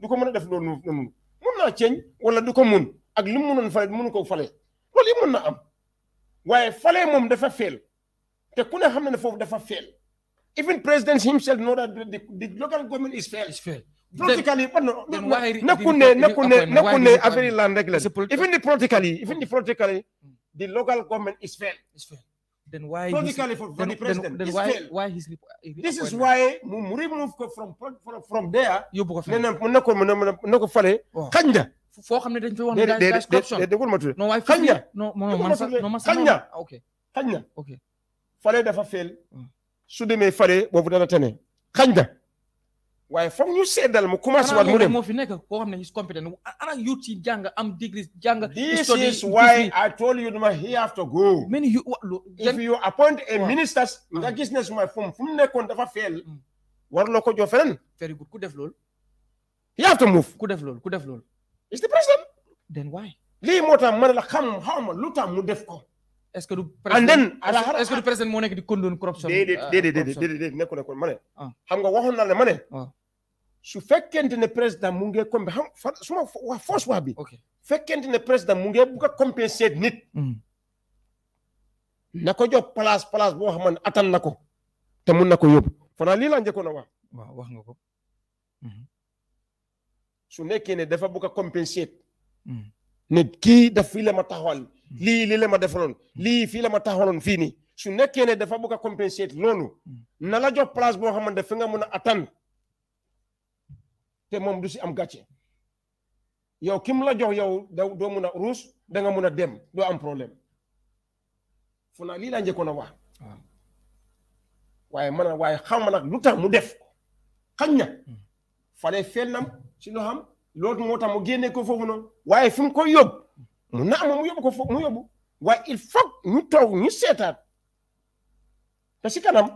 du ko mën a def loolu noonu mun naa ceeñ wala du ko mun ak li mu munoon fale munu ko fale loolu yi mun na am waaye fale moom dafa feel te ku ne xam na ne foofu dafa fail. even president himself know that the, the local government is fail. Is fail. Politically, but no, then why nakune, nakune, nakune, every land regular. Even the politically, even the politically, the local government is fail. Is fail. then why politically for, for then, the president then, then why, why this is why mu remove ko from from, from there yóbbu ko feneen mu ne ko mu ne ko fale xañ oh. na foo xam ne dañ fay wax ne daal corruption déedéet déggul ma tudd non waaye xañ na na ok xañ fale dafa feel mm. su demee fale boobu dana tane xañ na Why? From you said that commencé waat mu dem moo fi nekk koo xam ne he's competent ana youth yi am degrees jàng this is why I told you ma he have to go many you if you appoint a minister nga mm. business my suma from the mu nekkoon fail. What warloo ko jox very good Could have loolu he have to move Could have loolu Could have loolu is the president then why lii moo tax come home. xam xaw ma est-ce que du. and ah, then est-ce que du moo nekk di condone corruption. déedéet ah, déedéet déedéet nekkul nekkul ma ne. Ah. xam nga waxoon naa ne ma ne. su fekkente ne président mu ngi compé wax force wax ne président mu ngi bugg a compenser nit. Hmm. na ko jox place place boo xam ne attan na ko. te mun na ko yóbbu. fanaan lii laa a wax. nga ko. Hmm. su nekkee ne dafa bugg a compenser. Hmm. ne kii daf fii la ma taxawal. lii lii la ma defaloon lii fii la ma taxaloon fii nii su nekkee ne dafa bëgg a compenser loolu na la jox place boo xamante fi nga mën a attan te moom du si am gàcce yow kim la jox yow da doo mun a ruus da nga mun a dem doo am problème fu naa lii laa njëkkoon a wax waaye man waaye xam ma nag lu tax mu def xañ na hmm. fale fennam si loo loolu moo tax mu génne ko foofu noonu waaye fi mu koy yóbbu mun na am mu yóbbu ko fo mu yóbbu waaye il faut ñu toog ñu seetaat te si kanam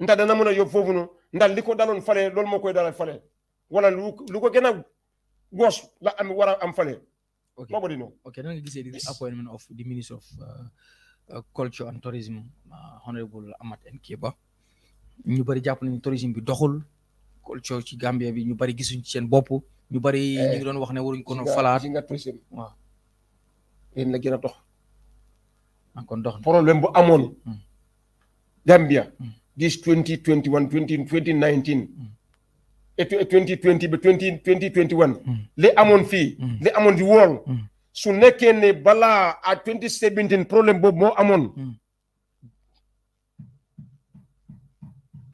ndax dana mën a yóbbu foofu noonu ndax li ko daloon fale loolu moo koy dalal fale wala lu lu ko gën a goos la war a am fale. ok nobody gisee di appointment of the minister of uh, uh, culture and tourism uh, honorable Amat N Keba ñu bari jàpp nañu tourisme bi doxul culture ci Gambia bi ñu bari gisuñ ci seen bopp ñu bari eh. ñu doon wax ne waruñ ko no falaat waaw. yéen la gën a dox. Ah, kon dox problème bu amoon. Hmm. Gambia. gis hmm. twenty twenty one twenty twenty nineteen. Hmm. et twenty twenty ba twenty amoon fii. li amoon di wool. su nekkee ne balaa à twenty problème boobu moo amoon.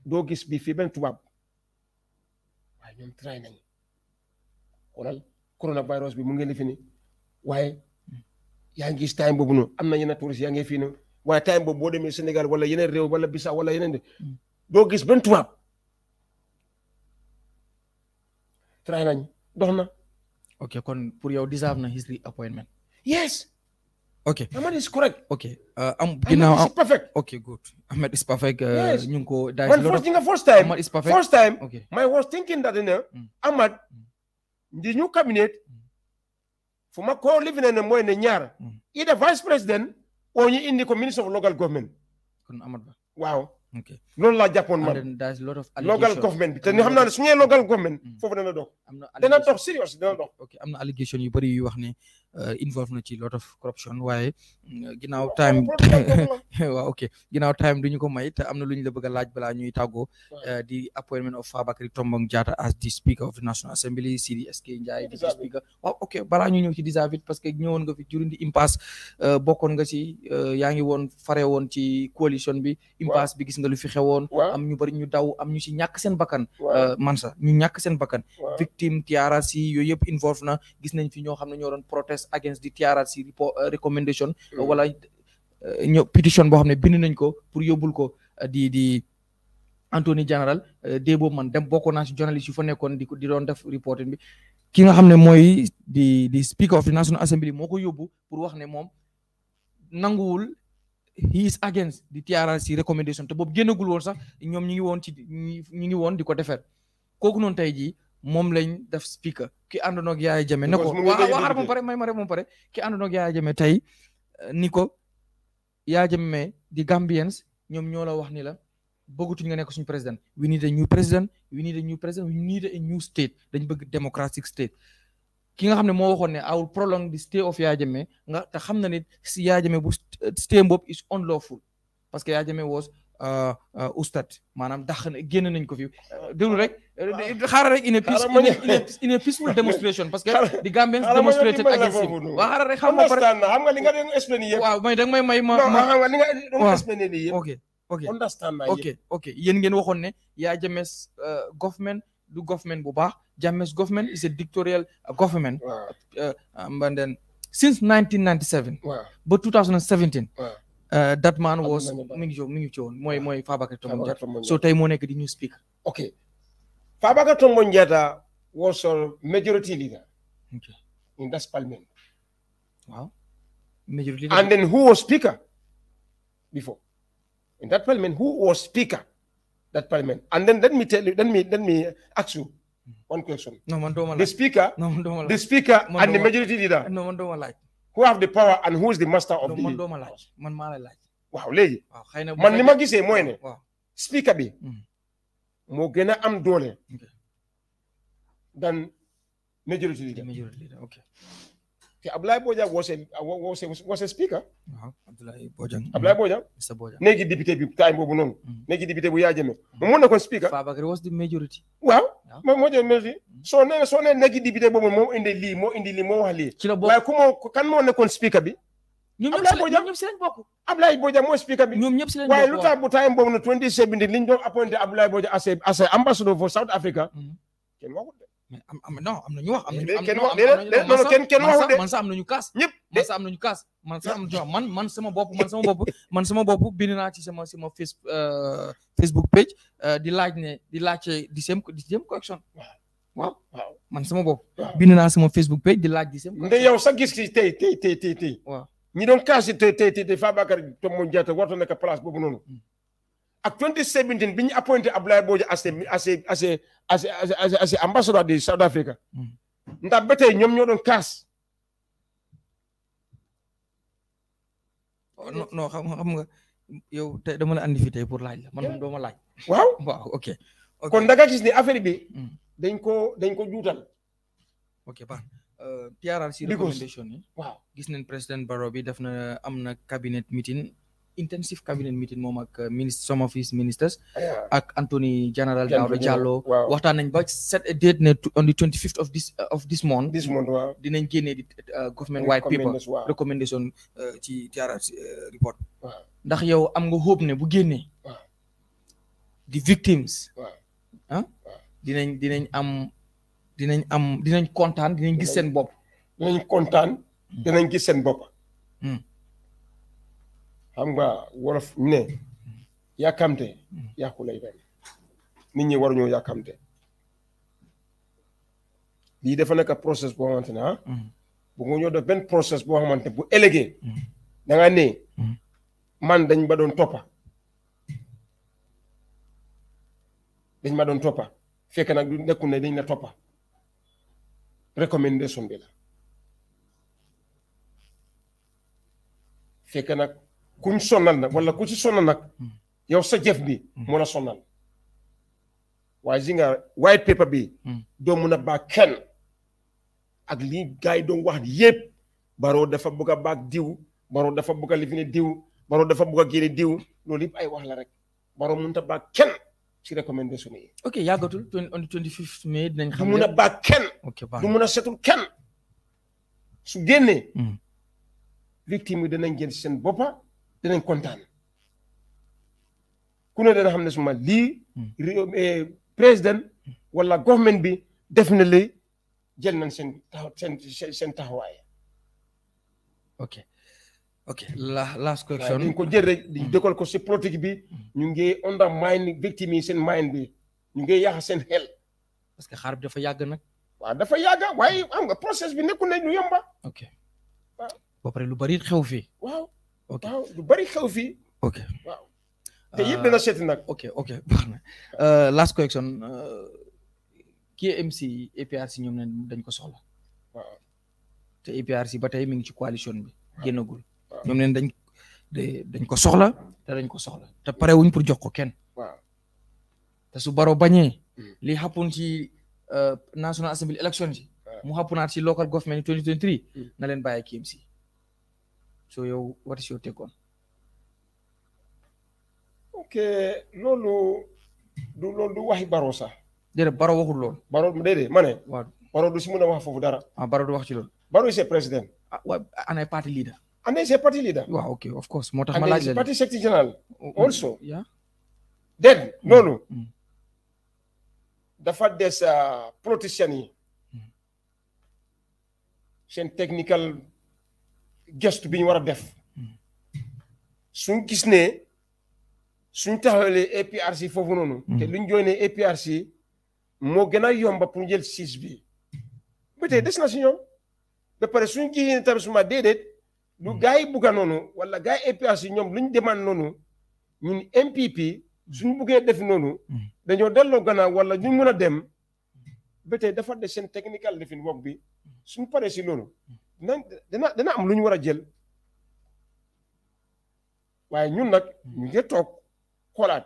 doo gis bi fii benn tubaab waaye ñoom try nañ xoolal coronavirus bi mu ngi li fi waaye. yaa ngi gis time boobu noonu am na yenn touristes yaa ngi fii noonu waaye time boobu boo demee Sénégal wala yeneen réew wala Bissau wala yeneen mm. doo gis benn tubaab try nañ dox na. ok kon pour yow deserve na history appointment. yes. ok Ahmed is correct. ok uh, am ginnaaw Ahmed is perfect. ok good Ahmed is perfect. Uh, yes ñu ngi ko daay man first nga first time. Ahmed is perfect first time. ok my was thinking that you know. Mm. Ahmed. Mm. ndi ñu cabinet. fu ma ko livine ne mooy ne ñaar mm. ida vice président oo ñu indi ko ministre of local government kon Amat Bah waaw loolu laa jàppoon man local government bi te xam naa ne su local government mm. foofu dana dox dana dox serious dana dox am na allegation yu bëri yu wax ne Euh, involve na ci lot of corruption waaye ginnaaw time du ñu ko may te am na lu ñu la bëgg a laaj balaa ñuy tàggoo euh, di appointment of Fabakary Tombong Jatta as the speaker of the National Assembly Sidi SK Njie di speaker waaw ok balaa ñuy ñëw ci disavit parce que ñëwoon nga fi during the impasse euh, bokkoon ci yaa ngi woon fare woon ci coalition bi impasse bi gis nga lu fi xewoon am ñu bari ñu daw am ñu si ñàkk seen bakkan Mansa ñu ñakk seen bakkan victime tiara si protest against the TRRC report uh, recommendation. Uh, wala uh, ñëw pétition boo xam ne bind nañ ko pour yóbbul ko di di. Anthony General dee boobu man dem boko naa si journaliste yu fa nekkoon di di doon def reporting bi ki nga xam ne mooy di di speaker of the National Assembly moo ko yóbbu pour wax ne moom nanguwul he is against di TRRC recommendation te boobu génnagul woon sax ñoom ñu ngi woon ci ñu ngi woon di ko defar kooku noonu tey jii moom lañ def speaker ki àndoon ak Yaya Jammeh ne ko moom pare may ma rek moom pare ki àndoon ak Yaya tey eh, ni ko Yaya Jammeh di Gambians ñoom ñoo la wax ni la bëggatuñ nga nekk suñu président we need a new president we need a new president we need a new state dañ bëgg democratic state ki nga xam ne moo waxoon ne I will prolong the stay of Yaya Jammeh nga te xam na nit si Yaya Jammeh bu eh, stay boobu is unlawful parce que Yaya Jammeh was Euh, euh, oustad maanaam dax génn nañ ko fi euh, déglu rek xaaral rek in a peace in a peaceful demonstration parce que the Gambians demonstrated against him waaw xaaral rek xam nga pare xam nga li nga doon expliqué yëpp waaw may danga may may ma ma xam nga li nga doon expliqué nii yëpp ngeen waxoon yaa james government du government bu james government is a dictatorial government and then since Uh, that man was mi ngi ah, so tey moo nekk di new speaker. ok Fabakary Tombong Jatta was a majority leader. Okay. in that parliament. Wow. Majority leader. And then who was speaker before? In that parliament, who was speaker? That parliament. And then let me tell you, let me let me ask you mm-hmm. one question. No, man, don't the speaker, no, man, don't the speaker man, and the majority leader. No, man, don't like. who have the power and who is the laaj man maa la laaj waaw léegi man ni ma gise mooy ne speaker bi mm. moo gën a am doole dan majority leader te Abdoulaye Bojang was a was a was a speaker Abdoulaye Bojang Abdoulaye Bojang néegi député bi time boobu noonu mm. néegi député bu Yaya Jammeh mu mun na ko speaker Fabakary was the majority moo moo jël merci hmm. soo nee soo nee boobu moo indi moo indi moo wax lii. ci ku moo kan moo nekkoon speaker bi. ñoom ñëpp si speaker bi. ñoom ñëpp si boobu na 2017 bi liñ doon appointé Ablaye Boja as a as a ambassador for South Africa. Hmm. kenn waxut mais am na non am na am nañu ñu am na man sax am na kaas. ñëpp man am na kaas man am na man man sama bopp man sama bopp <laughs> man sama bopp bind naa ci sama sama face euh, Facebook page euh, di laaj ne di laaj di sem di sem correction. waaw waaw man sama bopp. bind naa sama Facebook page di laaj di sem. nde yow sa gis ki tey tey tey tey tey. waaw ñi doon kaas tey tey tey tey Fabakary Tombong Jatta warta nekk place boobu noonu. Hmm. ak 2017 bi ñu appointé Abdoulaye Bodian as a as a as de South Africa. Mm. ndax ba ñoom ñoo doon kaas. Oh, non non xam yow te dama la andi tey pour laaj la man doo laaj. waaw ok. kon da nga gis ne affaire bi. Mm. dañ ko dañ ko juutal. ok euh, baax PRRC recommendation yi. waaw gis nañ président Barrow bi def na am na cabinet meeting. intensive cabinet meeting moom ak uh, ministre some of his ministers ak Anthony General Daouda Jallow waxtaan nañ ba set a date ne on the 25th of this uh, of this month dinañ génnee di uh, government white paper recommendation ci TRRC report ndax yow am nga hope ne bu génnee di victims ah, dinañ am dinañ am dinañ kontaan dinañ gis seen bopp dinañ kontaan dinañ gis seen bopp hmm. xam nga wolof ne yàkkamte yàqu lay benn nit ñi waruñoo yàkkamte lii dafa nekk process boo xamante ne ah. Mm-hmm. bu nga ñoo def benn process boo xamante bu élégé. Mm-hmm. da nga ne. Mm-hmm. man dañ ma doon toppa dañ ma doon toppa fekk nag du nekkul ne dañ la toppa recommandation bi la fekk nag. kuñ sonnal nag wala ku ci sonnal nag hmm. yow sa jëf bi hmm. moo la sonnal waaye si nga white paper bi hmm. doo mun a baax kenn ak lii gars yi doon wax yépp baroo dafa bëgg a baax diw baroo dafa bëgg a lifine diw baroo dafa bëgg a génne diw loolu yëpp ay wax la rek baroo mënut a baax kenn ci recommandation yi ok yàggatul on twenty fifth mai dinañ xam du mun a baax kenn du mun a setul kenn su génnee victime yi danañ jël seen boppa dinañ kontaan ku ne dana xam ne suma lii. Hmm. Eh, président wala government bi def na li nañ seen taxaw seen seen taxawaay. ok ok la last question. dañ ko jël rek di hmm. ko si politique bi hmm. ñu ngi undermine victime yi seen mind bi ñu ngi yàq seen xel. parce que xaar dafa yàgg nag. waaw dafa yàgg waaye am nga process bi nekkul ne lu yomba. ba pare lu bari xew fii. ok waaw lu bari xew fii. ok waaw. te yëpp euh, dana seeti nag. ok ok <laughs> baax na euh, last collection euh, kii MC ñoom ne dañ ko soxla. waaw te APRC ba tey mi ngi ci coalition bi. génnagul ñoom ne dañ dañ ko soxla te dañ ko soxla te parewuñ pour jox ko kenn. waaw te su baro bañee. Hmm. li xapoon si national assembly election yi. mu xaponaat si local government 2023. Hmm. na leen bàyyi KMC. so yow what is your take on ok loolu du loolu du waxi baro sa dede baro waxul lol baro dede mané ne baro du simuna wax fofu dara ah baro du wax ci lol baro c'est président president ah, waaw party leader ana c'est party leader waaw okay of course motax ma laj la party general mm, also yeah then loolu mm, mm. dafa des ah, politiciens yi seen technical gestu bi ñu war a def suñ gis nee suñ taxawalee APRC foofu noonu te hmm. luñ joonee APRC moo gën a yomba pour jël siis bi ba tey des na si ñoom ba suñ gisee ne tamit suma déedéet lu hmm. gars yi bugga noonu wala gars yi APRC ñoom luñ demande noonu ñun MPP suñ buggee def noonu hmm. dañoo delloo gannaaw wala ñu mun a dem ba tey dafa de seen technical defin wok bi suñ paree si loolu dinañ dina am lu ñu war a jël waaye ñun nag ñu ngi toog xoolaat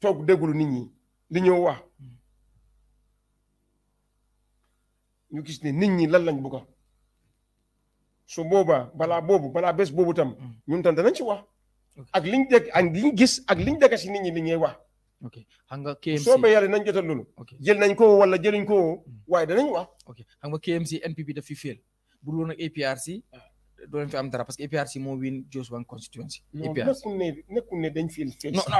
toog déglu nit ñi li ñëw wax ñu gis ni nit ñi lan lañ bëgg su boobaa balaa boobu balaa bés boobu tam mm. ñun tam danañ ci wax ak liñ dégg ak liñ gis ak liñ dégg si nit ñi li wax ok xam nga KMC soo ba yàlla jotal loolu. jël nañ ko wala jëluñ ko hmm. waaye danañ wax. ok xam nga KMC NPP daf fi féel bu dul woon APRC. Ah. doo leen fi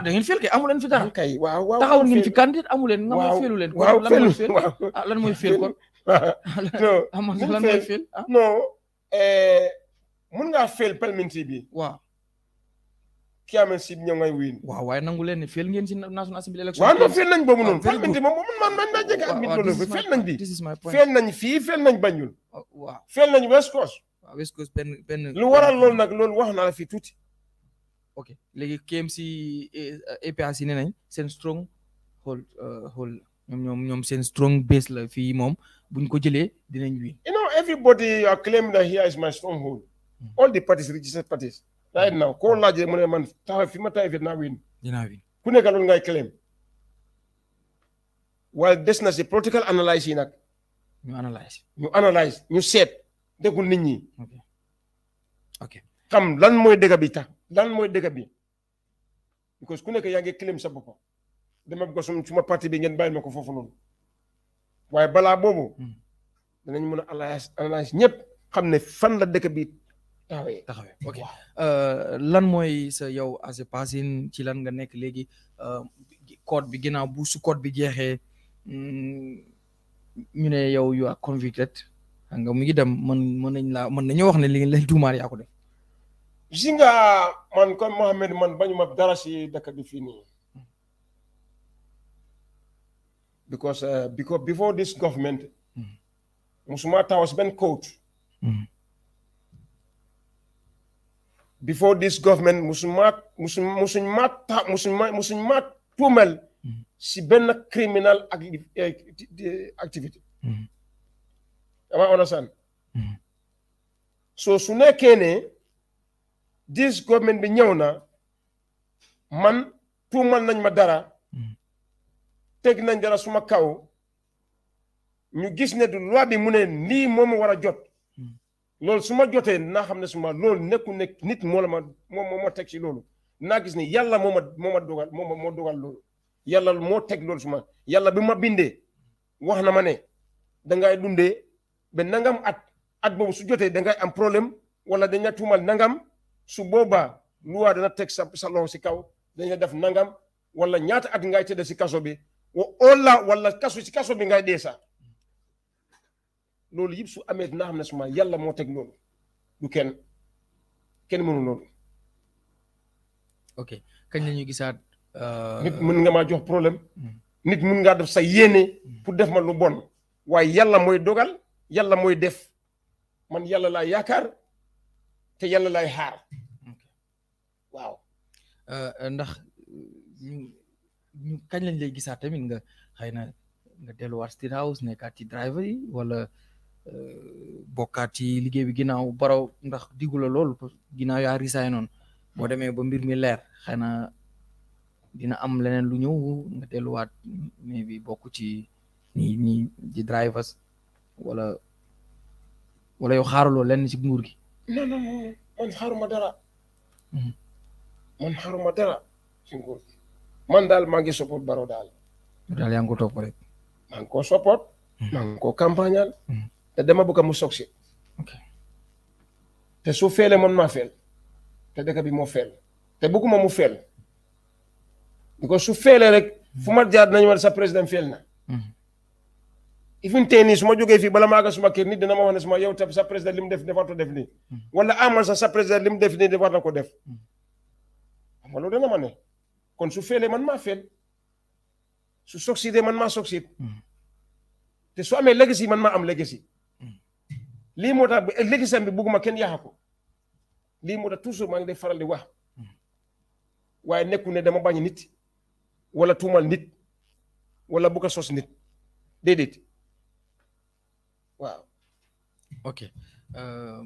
da ngeen féel kay amu leen fi dara. kay waaw waaw taxawul ngeen fi candidat amu leen. nga mooy féelu leen. waaw féelu waaw lan mooy féel kon. non lan mooy féel. <laughs> <laughs> non ah. eh, mun ngaa bi. waaw. Kiamé Sib ñoo ngay wiin. waaw waaye nangu leen ne ngeen si National Assembly election. waaw non féel nañ boobu noonu. waaw féel moom man man maa jege. waaw waaw féel nañ bi féel nañ fii féel nañ Banjul. waaw féel nañ West Coast. waaw West Coast benn benn. lu waral lool nag loolu wax na a fii tuuti. ok léegi KMC eh, APRC nee nañ seen strong hold uh, hold ñoom ñoom seen strong base la fii moom buñ ko jëlee dinañ wiin. you know everybody claim that here is my stronghold hmm. all the parties yaa ngi naaw koo laajee mu ne man taxaw fi ma taxawee dinaa win. dinaa win ku nekk loolu ngay claim. waaye des na si political analyse yi nag. ñu analyse ñu analyse ñu seet déglu nit ñi. ok xam lan mooy dëgg bi tax lan mooy dëgg bi. parce que ku nekk yaa ngi claim sa bopp dama bëgg sum suma parti bi ngeen bàyyi ma ko foofu noonu waaye balaa boobu. danañ hmm. mën a analyse analyse ñëpp xam ne fan la dëkk bi. taxawee euh, lan mooy sa yow as a passing ci lan nga nekk léegi euh, code bi ginnaaw bu su code bi jeexee mm, ñu ne yow you are convicted xam nga mu ngi dem mën mën nañ laa mën nañoo wax ne li lay tuumaal yaa ko def gis nga man comme Mohamed man bañu ma dara si dëkk bi fii nii because euh, before this government mm. musuma taxaw si benn coach mm. before this government musuma musu musuñ ma ta musuñ ma musuñ ma tuumel si benn criminal eh, activité ama understand so su nekkee ne this government bi ñëw na man tuumal nañ ma dara teg nañ dara suma kaw ñu gis ne du loi bi mu ne lii moom war a jot loolu su ma jotee naa xam ne su ma loolu nekku nekk nit moo la ma moo ma teg si loolu naa gis ni yàlla moo ma moo ma dogal moo ma moo dogal loolu yàlla moo teg loolu su ma yàlla bi ma bindee wax na ma ne dangay dundee be nangam at at boobu su jotee dangay am problème wala daña tuumal nangam su boobaa luwaa dana teg sa loxo si kaw dangay def nangam wala ñaata at ngay tëdd si kaso bi wa oola wala kaso si kaso bi ngay dee sax loolu yëpp su amee dinaa xam ne suma yàlla moo teg loolu du kenn kenn mënu ok kañ la ñuy gisaat. Euh, nit mën nga maa jox problème. Hmm. nit mën ngaa def sa yéene. Hmm. pour def ma lu bon. waaye yàlla mooy dogal yàlla mooy def man yàlla laay yaakaar te yàlla laay xaar. waaw. Euh, ndax ñu kañ lañ lay gisaat tamit nga xëy na nga delluwaat State House nekkaat ci driver yi wala. bokati ci bi ginaaw baraw ndax digula lol ginaaw ya yaa risaay bo boo ba mbir mi leer xëy dina am leneen lu ñëw nga delluwaat wat maybe bokku ci ni ni di drivers wala wala xaru lo lenn ci nguur gi non non man xaaruma dara hmm. man xaaruma dara ci nguur gi man dal ma ngi support baro dal dal yaa ngi ko top rek maa ko support hmm. maa ko campagnal hmm. te dama bëgg mu succeed te su feelee man maa feel te dëkk bi moo feel te bëgguma mu feel because su feelee rek fu ma jaar nañu ma sa président feel na ifin mhm. tey nii su ma jógee fii bala maa suma kër nit dina ma wax ne suma yow tam sa président li mu def defaatoo def nii mhm. wala amal sa sa président li mu def nii defaat na ko def mhm. xam nga loolu dana ma ne kon su feelee man maa feel su succeedee man maa succeed te su amee legacy man maa am legacy lii moo tax législation bi ma kenn yàq ko lii moo tax toujours maa ngi def faral di wax waaye nekkul ne dama bañ nit wala tuumal nit wala bu ko sos nit déedéet waaw. ok euh,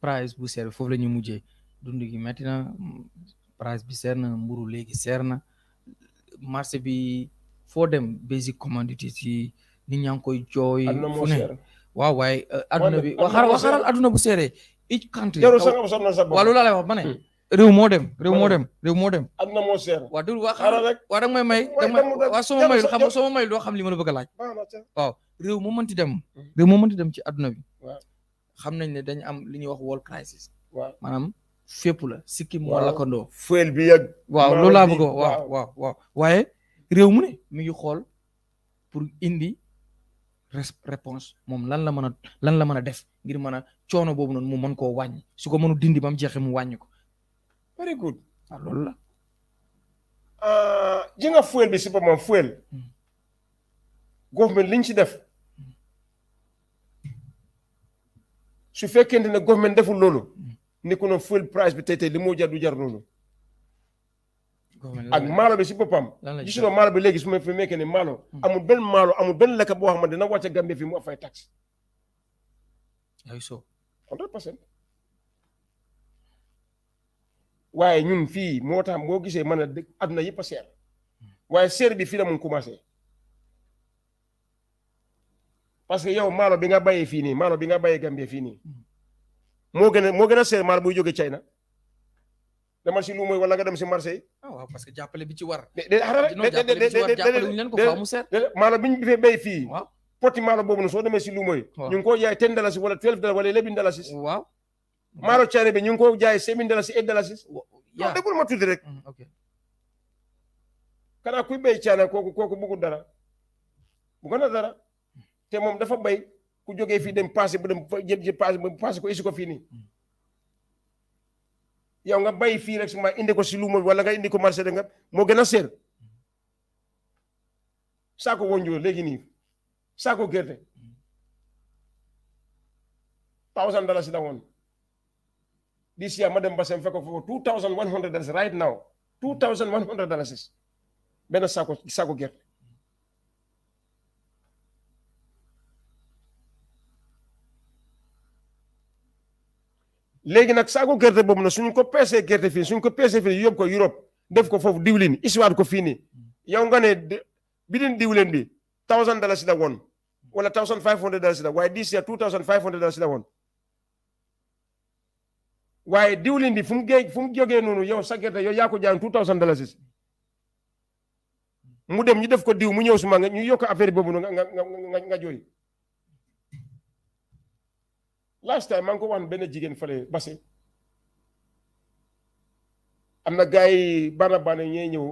price bu seer foofu la ñu mujjee dund gi metti na price bi seer na mburu léegi seer na marché bi foo dem basic commodity ci nit ñaa ngi koy jooy. waaw waaye euh, adduna bi waxaral waxaral adduna bu seeree each country waaw loolu lay wax ma ne hmm. réew moo dem réew moo dem réew moo dem adduna moo seer waa dul waa xam waa dag may may waa soo ma mayul xam soo ma mayul doo xam li ma la bëgg a laaj waaw réew moo mënti dem hmm. réew moo mënti dem ci adduna bi xam nañ ne dañ am li ñuy wax world crisis maanaam fépp la sikkim moo lakkandoo fuel bi yëg waaw loolu laa bëgg waaw waaw waaw waaye réew mu ne mi ngi xool pour indi réponse moom lan la mën a lan la mën a def ngir mën a coono boobu noonu mu mën koo wàññi su ko mënu dindi ba mu jeexee mu wàññi ko very good waaw ah, loolu la euh, ji nga fuel bi si boppam fuel hmm. government liñ ci def su fekkente ne government deful loolu hmm. ni ko noonu fuel price bi tey tey li mu jar du jar noonu ak maalo bi si boppam gisuloo maalo bi léegi su ma fi mekkee ne maalo hmm. amul benn maalo amul benn lekk boo xam ne dina wàcce Gambie fii mu fay taxe ay so 100 percent waaye ñun fii moo tax boo gisee mën a àdduna yëpp a seer waaye seer bi fii na mu commencé parce que yow maalo bi nga bàyyee fii nii maalo bi nga bàyyee Gambie fii nii hmm. moo gën a moo gën a seer maalo buy jóge China demal si luuma wala nga dem si marché yi. ah jàppale bi ci war. de maanaam bi ñu fee béy fii. waaw poti maanaam boobu nag soo demee si luuma yi. ñu ngi koo jaay ten dalasi wala twelve dalasi wala eleven dalasi. waaw maaro caare bi ñu koo jaay seven dalasi eight dalasi. yaa non déggul ma tuuti rek. Mm, ok kuy bay caane kooku kooku bëggul dara bu gën dara te moom dafa bay ku jógee fii dem passé bu dem jël passé ko isi ko fii nii. Mm. yow nga bay fi rek suma indi ko si luuma wala nga indi ko marché de nga mo gëna sel sa ko wonjo thousand dollars la won. this year madam basem fekk thousand dollars right now 2100 thousand one hundred dollars sa ko saako léegi nag saako gerte boobu nag suñ ko peesee gerte fii suñ ko peesee fii yóbbu ko Europe def ko foofu diwlin iswaat ko fii nii yow nga ne bi din diwlin bi thousand dalasi la woon wala thousand five hundred dalasi la waaye this year two thousand five hundred dalasi la woon waaye diwlin bi fu mu gee fu mu jógee noonu yow sa gerte yow yaa ko jaayoon two thousand dalasi mu dem ñu def ko diw mu ñëw suma nga ñu yokk affaire boobu nga nga nga nga jooy last time maa ngi ko waxoon benn jigéen fale Basse am na gars yi bana bana ñooy ñëw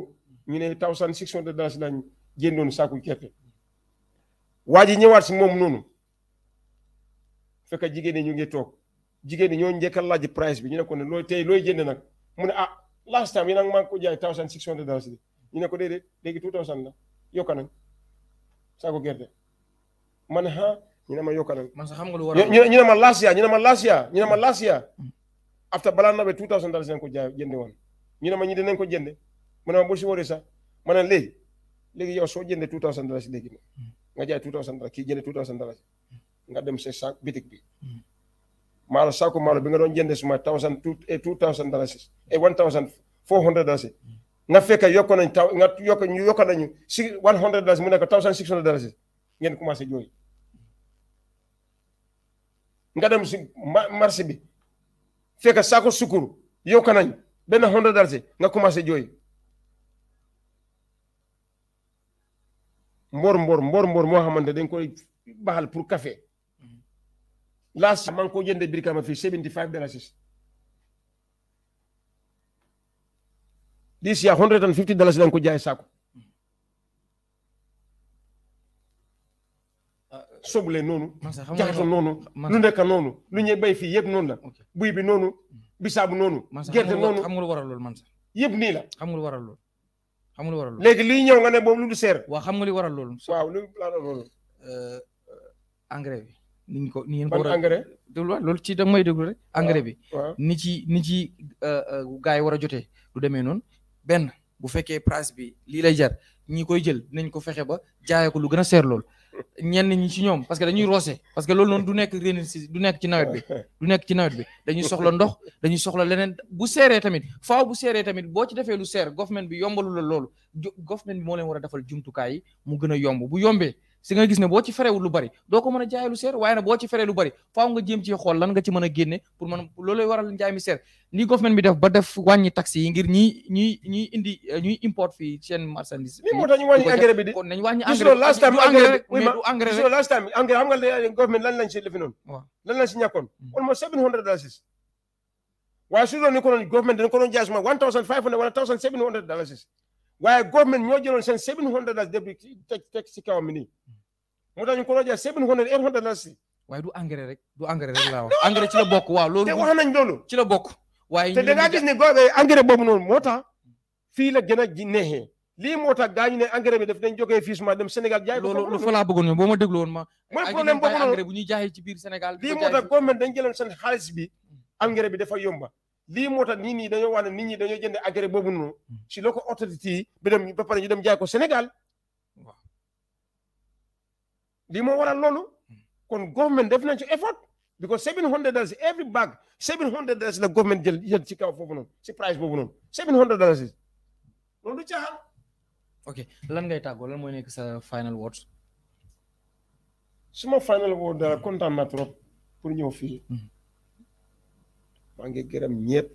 ñu ne thousand six hundred dollars lañ jëndoon saaku gerte waa ji ñëwaat si moom noonu fekk jigéen ñi ñu ngi toog jigéen ñi ñoo njëkk a laaj price bi ñu ne ko ne looy tey looy jënd nag mu ne ah last time yi nag maa ngi ko jaay thousand six hundred dollars bi ñu ne ko déedéet léegi two thousand la yokk nañ saaku gerte man ha ñu ma yokkalal man sax xam nga lu war a ñu ma last year ma last year ma last year after balaa nawet 2000 thousand dollars nañ ko jaay jënde woon ñu ma ñi dinañ ko jënde ma ne ma boo si waree sax ma ne léegi léegi yow soo jënde two dollars léegi nga jaay 2000 dollars kii jënde two dollars nga dem sa bitik bi maalo saako maalo bi nga doon jënde suma thousand two eh, two thousand dollars et eh, one thousand four hundred dollars nga fekk yokk nañ taw nga yokk ñu yokk nañu si one hundred dollars mu nekk thousand six hundred dollars ngeen commencé jooy nga dem si marché bi fekk saako sukkur yow kanañ benn hundred dalasi nga commencé jooy mboor mboor mbor mboor moo xamante dañ koy baxal pour café laas maa ngi ko jëndee birikama fii seventy five dalasi this year hundred and fifty dalasi danga ko jaay saako sobule noonu. jaxato noonu lu nekk noonu lu ñuy bay fii yëpp noonu la. buy bi noonu bisaabu noonu. gerte noonu xam nga lu waral loolu man sax yëpp nii la. xam nga lu waral loolu xam nga lu léegi liy ñëw nga ne boobu lu du seer. waaw xam nga li waral loolu. waaw lu waral loolu. Euh, euh, engrais bi. ni ñu ko ni ngeen ko war loolu ci da may déglu rek. engrais bi. ni ci ni ci euh, gars yi war a jotee du demee noonu benn bu fekkee price bi lii lay jar ñi koy jël dinañ ko fexe ba jaayee ko lu gën a seer loolu ñenn ñi ci ñoom parce que dañuy roose parce que loolu noonu du nekk rénil si du nekk ci nawet bi du nekk ci nawet bi dañuy soxla ndox dañuy soxla leneen bu seeree tamit faaw bu seeree tamit boo ci defee lu seer government bi yombalu la loolu government bi moo leen war a defal jumtukaay mu gën a yomb bu yombee si nga gis ne boo ci ferewul lu bari doo ko mën a seer waaye nag boo ci feree lu bari faaw nga jéem ci xool lan nga ci mën a génne pour mën loolay waral njaay mi seer ni government bi def ba def wàññi taxes yi ñi ñi ñuy indi eh, ñuy import fii seen marchandise mi moo tax ñu wàññi engrais bi di nañ wàññi engrais last time engrais mais du engrais rek last time lan lañ si lifi mm. almost seven hundred dollars waaye government ñoo jëloon seen seven hundred as débris teg teg si kawam nii moo tax ñu ko doon jël seven hundred eight hundred as si waaye du engrais rek du engrais rek laa bokk waaw loolu te wax nañ loolu ci bokk waaye te da ngaa ne go boobu noon moo tax fii la gën a ji neexee lii moo tax gars ñu ne engrais bi daf dañ jógee fii suma dem Sénégal jaay ko loolu fa laa bëggoon ñoom boo ma déglu biir Sénégal lii moo tax government dañ jëloon bi hmm. engrais bi dafa yomba lii moo tax nit ñi dañoo wax ne nit ñi dañoo jënd engrais boobu noonu si mm. loo ko autorité yi bi dem ba pare ñu dem jaay ko Sénégal waaw lii moo waral loolu mm. kon government def nañ ci effort because seven hundred dollars every bag seven hundred dollars la government jël jël ci kaw foofu noonu si price boobu noonu seven hundred dollars yi loolu du caaxaan ok lan ngay tàggoo lan mooy nekk sa final word suma final word dara kontaan na trop pour ñëw fii mm. maa ngi gërëm ñëpp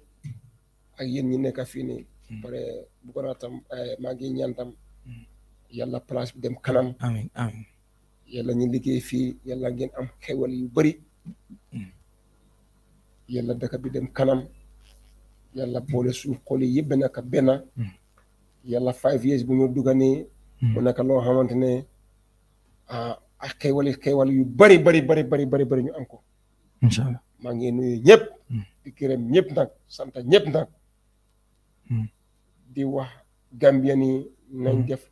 ak yéen ñi nekk fii nii. Hmm. pare bëggoon naa tam eh, maa ngi ñaan tam. Hmm. place bi dem kanam. amiin amiin ñu liggéey fii yàlla ngeen am xewal yu bari hmm. yàlla dëkk bi dem kanam. yàlla boole suuf xool yi yëpp benn ka benn. yàlla five years bu ñu dugg nii. mu nekk loo xamante ne ah xewal xewal yu bari bari bari bari bari bari ñu am ko. incha maa ngi nuyu ñëpp. Hmm. di gërëm ñëpp nag sant ñëpp nag. Hmm. di wax Gambien yi nañ hmm. def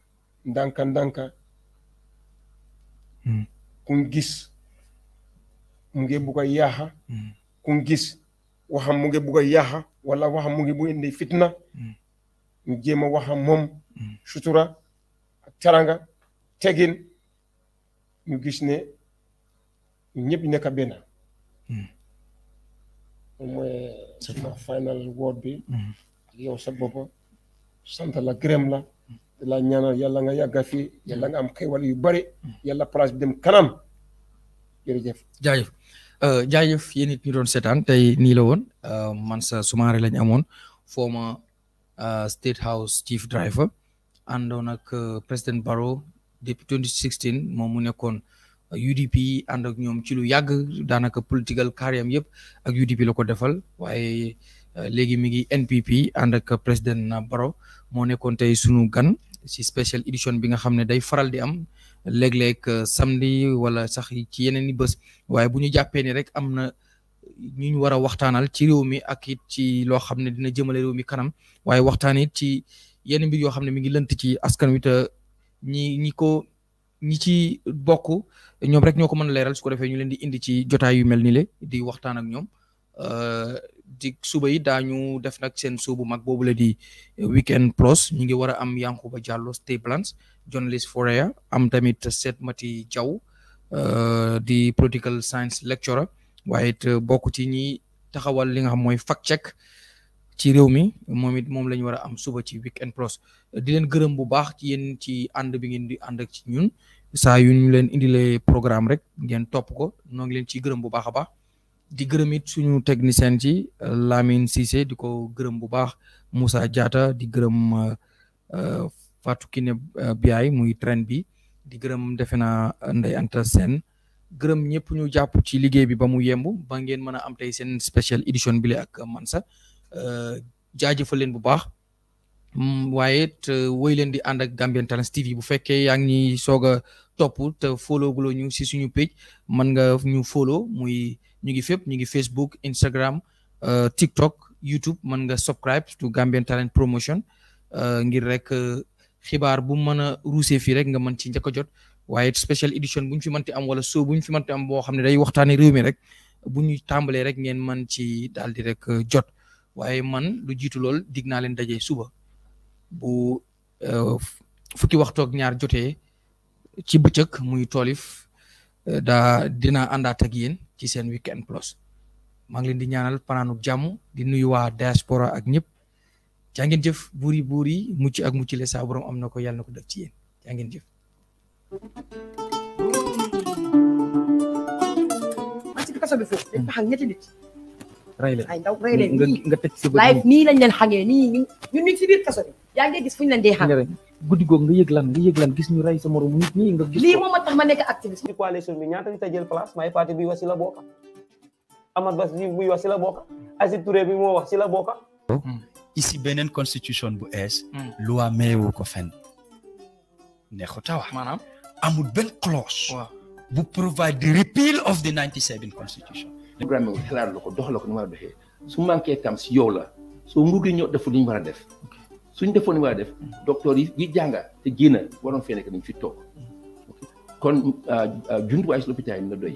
ndànka ndànka. kuñ gis mu ngi bugg a yaaxa. gis waxam mu ngi bugg a yaaxa wala waxam mu ngi bu fitna. ñu jéem a waxam moom. sutura ak teranga tegin ñu gis ne ñëpp nekk benn. mooy sama final word bi ak yow sa bopp sant la gërëm la di la ñaanal yàlla nga yàgga fii yàlla nga am xéwal yu bari mm-hmm. yàlla place bi dem kanam jërëjëf jaajëf euh, jaajëf yéen it ñu doon seetaan tey nii la woon euh, man sa sumaare lañ amoon former euh, state house chief driver àndoon ak président Barrow depuis 2016 mu nekkoon UDP and ak ñom ci lu yag danaka political carrière yëpp ak UDP lako defal waye uh, légui mi ngi NPP and ak président Barrow mo nekkoon tay suñu gan ci special edition bi nga xam day faral di am leg léeg uh, samedi wala sax ci yeneeni bëss waye buñu jappé ni rek amna ñu ñu waxtaanal ci réew mi ak ci lo xam dina jëmele réew mi kanam waye waxtaan it ci yeneen bi yo xam mi ngi lënt ci askan wi te ñi ñi ko ñi ci bokku ñom rek ñoko mëna léral su ko défé ñu leen di indi ci jotaay yu melni lé di waxtaan ak euh di suba yi dañu def nak seen show mag bobu la di weekend plus ñi ngi wara a am Yankuba jallo stablance journalist foreya, am tamit set Mati euh di political science lecturer waye it euh, bokk ci ñi taxawal li nga xam moy fact check ci rew mi momit mom lañu wara am suba ci weekend plus di leen gërëm bu baax ci yeen ci and bi ngeen di and ak ci ñun sa yu ñu leen indilee programme rek ngeen top ko noo ngi leen ci gërëm bu baax baax di gërëm it suñu technicien ci Lamine Cissé di ko gërëm bu baax Moussa diata di gërëm euh, Fatou Kiné euh, biay muy train bi di gërëm defena ndey antasen, gërëm ñepp ñu japp ci liggéey bi ba mu yemb ba ngeen mëna am tay sen special edition bile ak Mansa euh, jaajeufal leen bu baax Mm, waaye it euh, woy leen di ànd ak Gambian Talents TV bu fekkee yaa ngi ñuy soog a topp te follow gulo ñu si suñu page man nga ñu follow muy ñu ngi fépp ñu ngi Facebook Instagram euh, TikTok YouTube mën nga subscribe to Gambian Talent Promotion euh, ngir rek xibaar bu mën a ruusee fii rek nga mën ci njëkk jot waaye special edition bu ñu fi mënti am wala show bu ñu fi am boo xam ne day waxtaanee réew mi rek bu ñu tàmbalee rek ngeen man ci daal di rek jot waaye man lu jiitu lool dig naa leen daje suba. bu eh, fukki ak ñaar jotee ci bëccëg muy tolif eh, da dina andat ak yeen ci sen weekend plus Manglin ngi leen di ñaanal di nuyu wa diaspora ak ñep jaa jëf buri buri mucc ak mucc le sa borom am ko yàlla def ci yéen jaa ngeen jëf kaso bi foofu dañ fa ñetti nit leen ay ndaw leen nga lañ leen ñun ñu ci yaa ngi gis fu ñu leen dee xam guddi googu nga yëg lan nga yëg lan gis ñu rey sa morom nit ñi nga gis lii moom a tax ma nekk activiste ci coalition bi ñaata nit a jël place may parti bi wax la bokka Amad Bass bi muy wax la bokka Aziz Touré bi moo wax si la bokka hmm. ici beneen constitution bu ees hmm. loi mayewu ko fenn neexuta wax maanaam amul benn clause bu provide the repeal of the seven constitution programme wu xalaat la ko dox la ko ni war a doxee su manqué tam si yow la soo nguur ñoo defu li ñu war a def suñ defoon war a def docteur yi yi jànga te génna waroon fee nekk dañ fi toog kon ah, ah, jumtuwaay si lopitaan yi na doy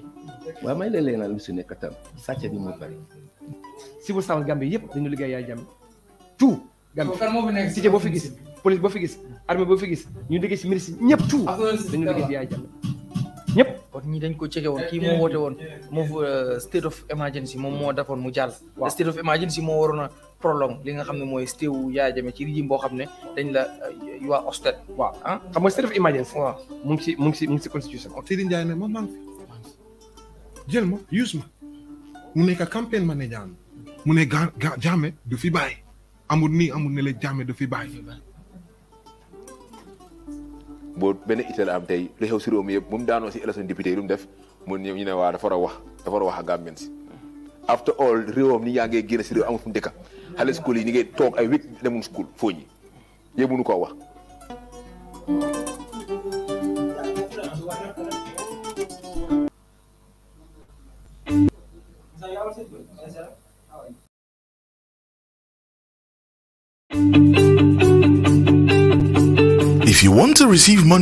waaye may la leenal lu si nekk tam sàcc bi moo bëri civil servant Gambie yëpp dañu liggéey yaay jàmm tout Gambie cité boo fi gis police ba fi gis armée boo fi gis ñu liggéey si ministre ñëpp tout dañu liggéey si yaay jàmm ñëpp kon ñi dañ ko ceege woon kii moo woote woon moo euh, state of emergency moom moo defoon mu jaal te state of emergency moo waroon a prolong li nga xam ne mooy state wu Yaya Jammeh ci régime boo xam ne dañ la euh, you are ousted waaw ah xam nga state of emergency waaw mu ngi si mu ngi si mu ngi si constitution oh, Sidi Ndiaye ne moom maa ngi fi jël ma use ma mu ne jaam mu du fi bàyyi amul nii amul ne la Jammeh du fi bàyyi boo benn itte la am tey lu xew si réew mi yëpp bu mu daanoo si élection député yi lu mu def mu ñëw ñu ne waa dafa war a wax dafa war a wax ak gambien si after all réewam ni yaa ngee génn si réew amul fu mu xale school yi ñu ngi toog ay wékk demuñ school foo ñi yëpp mënu wax If you want to receive money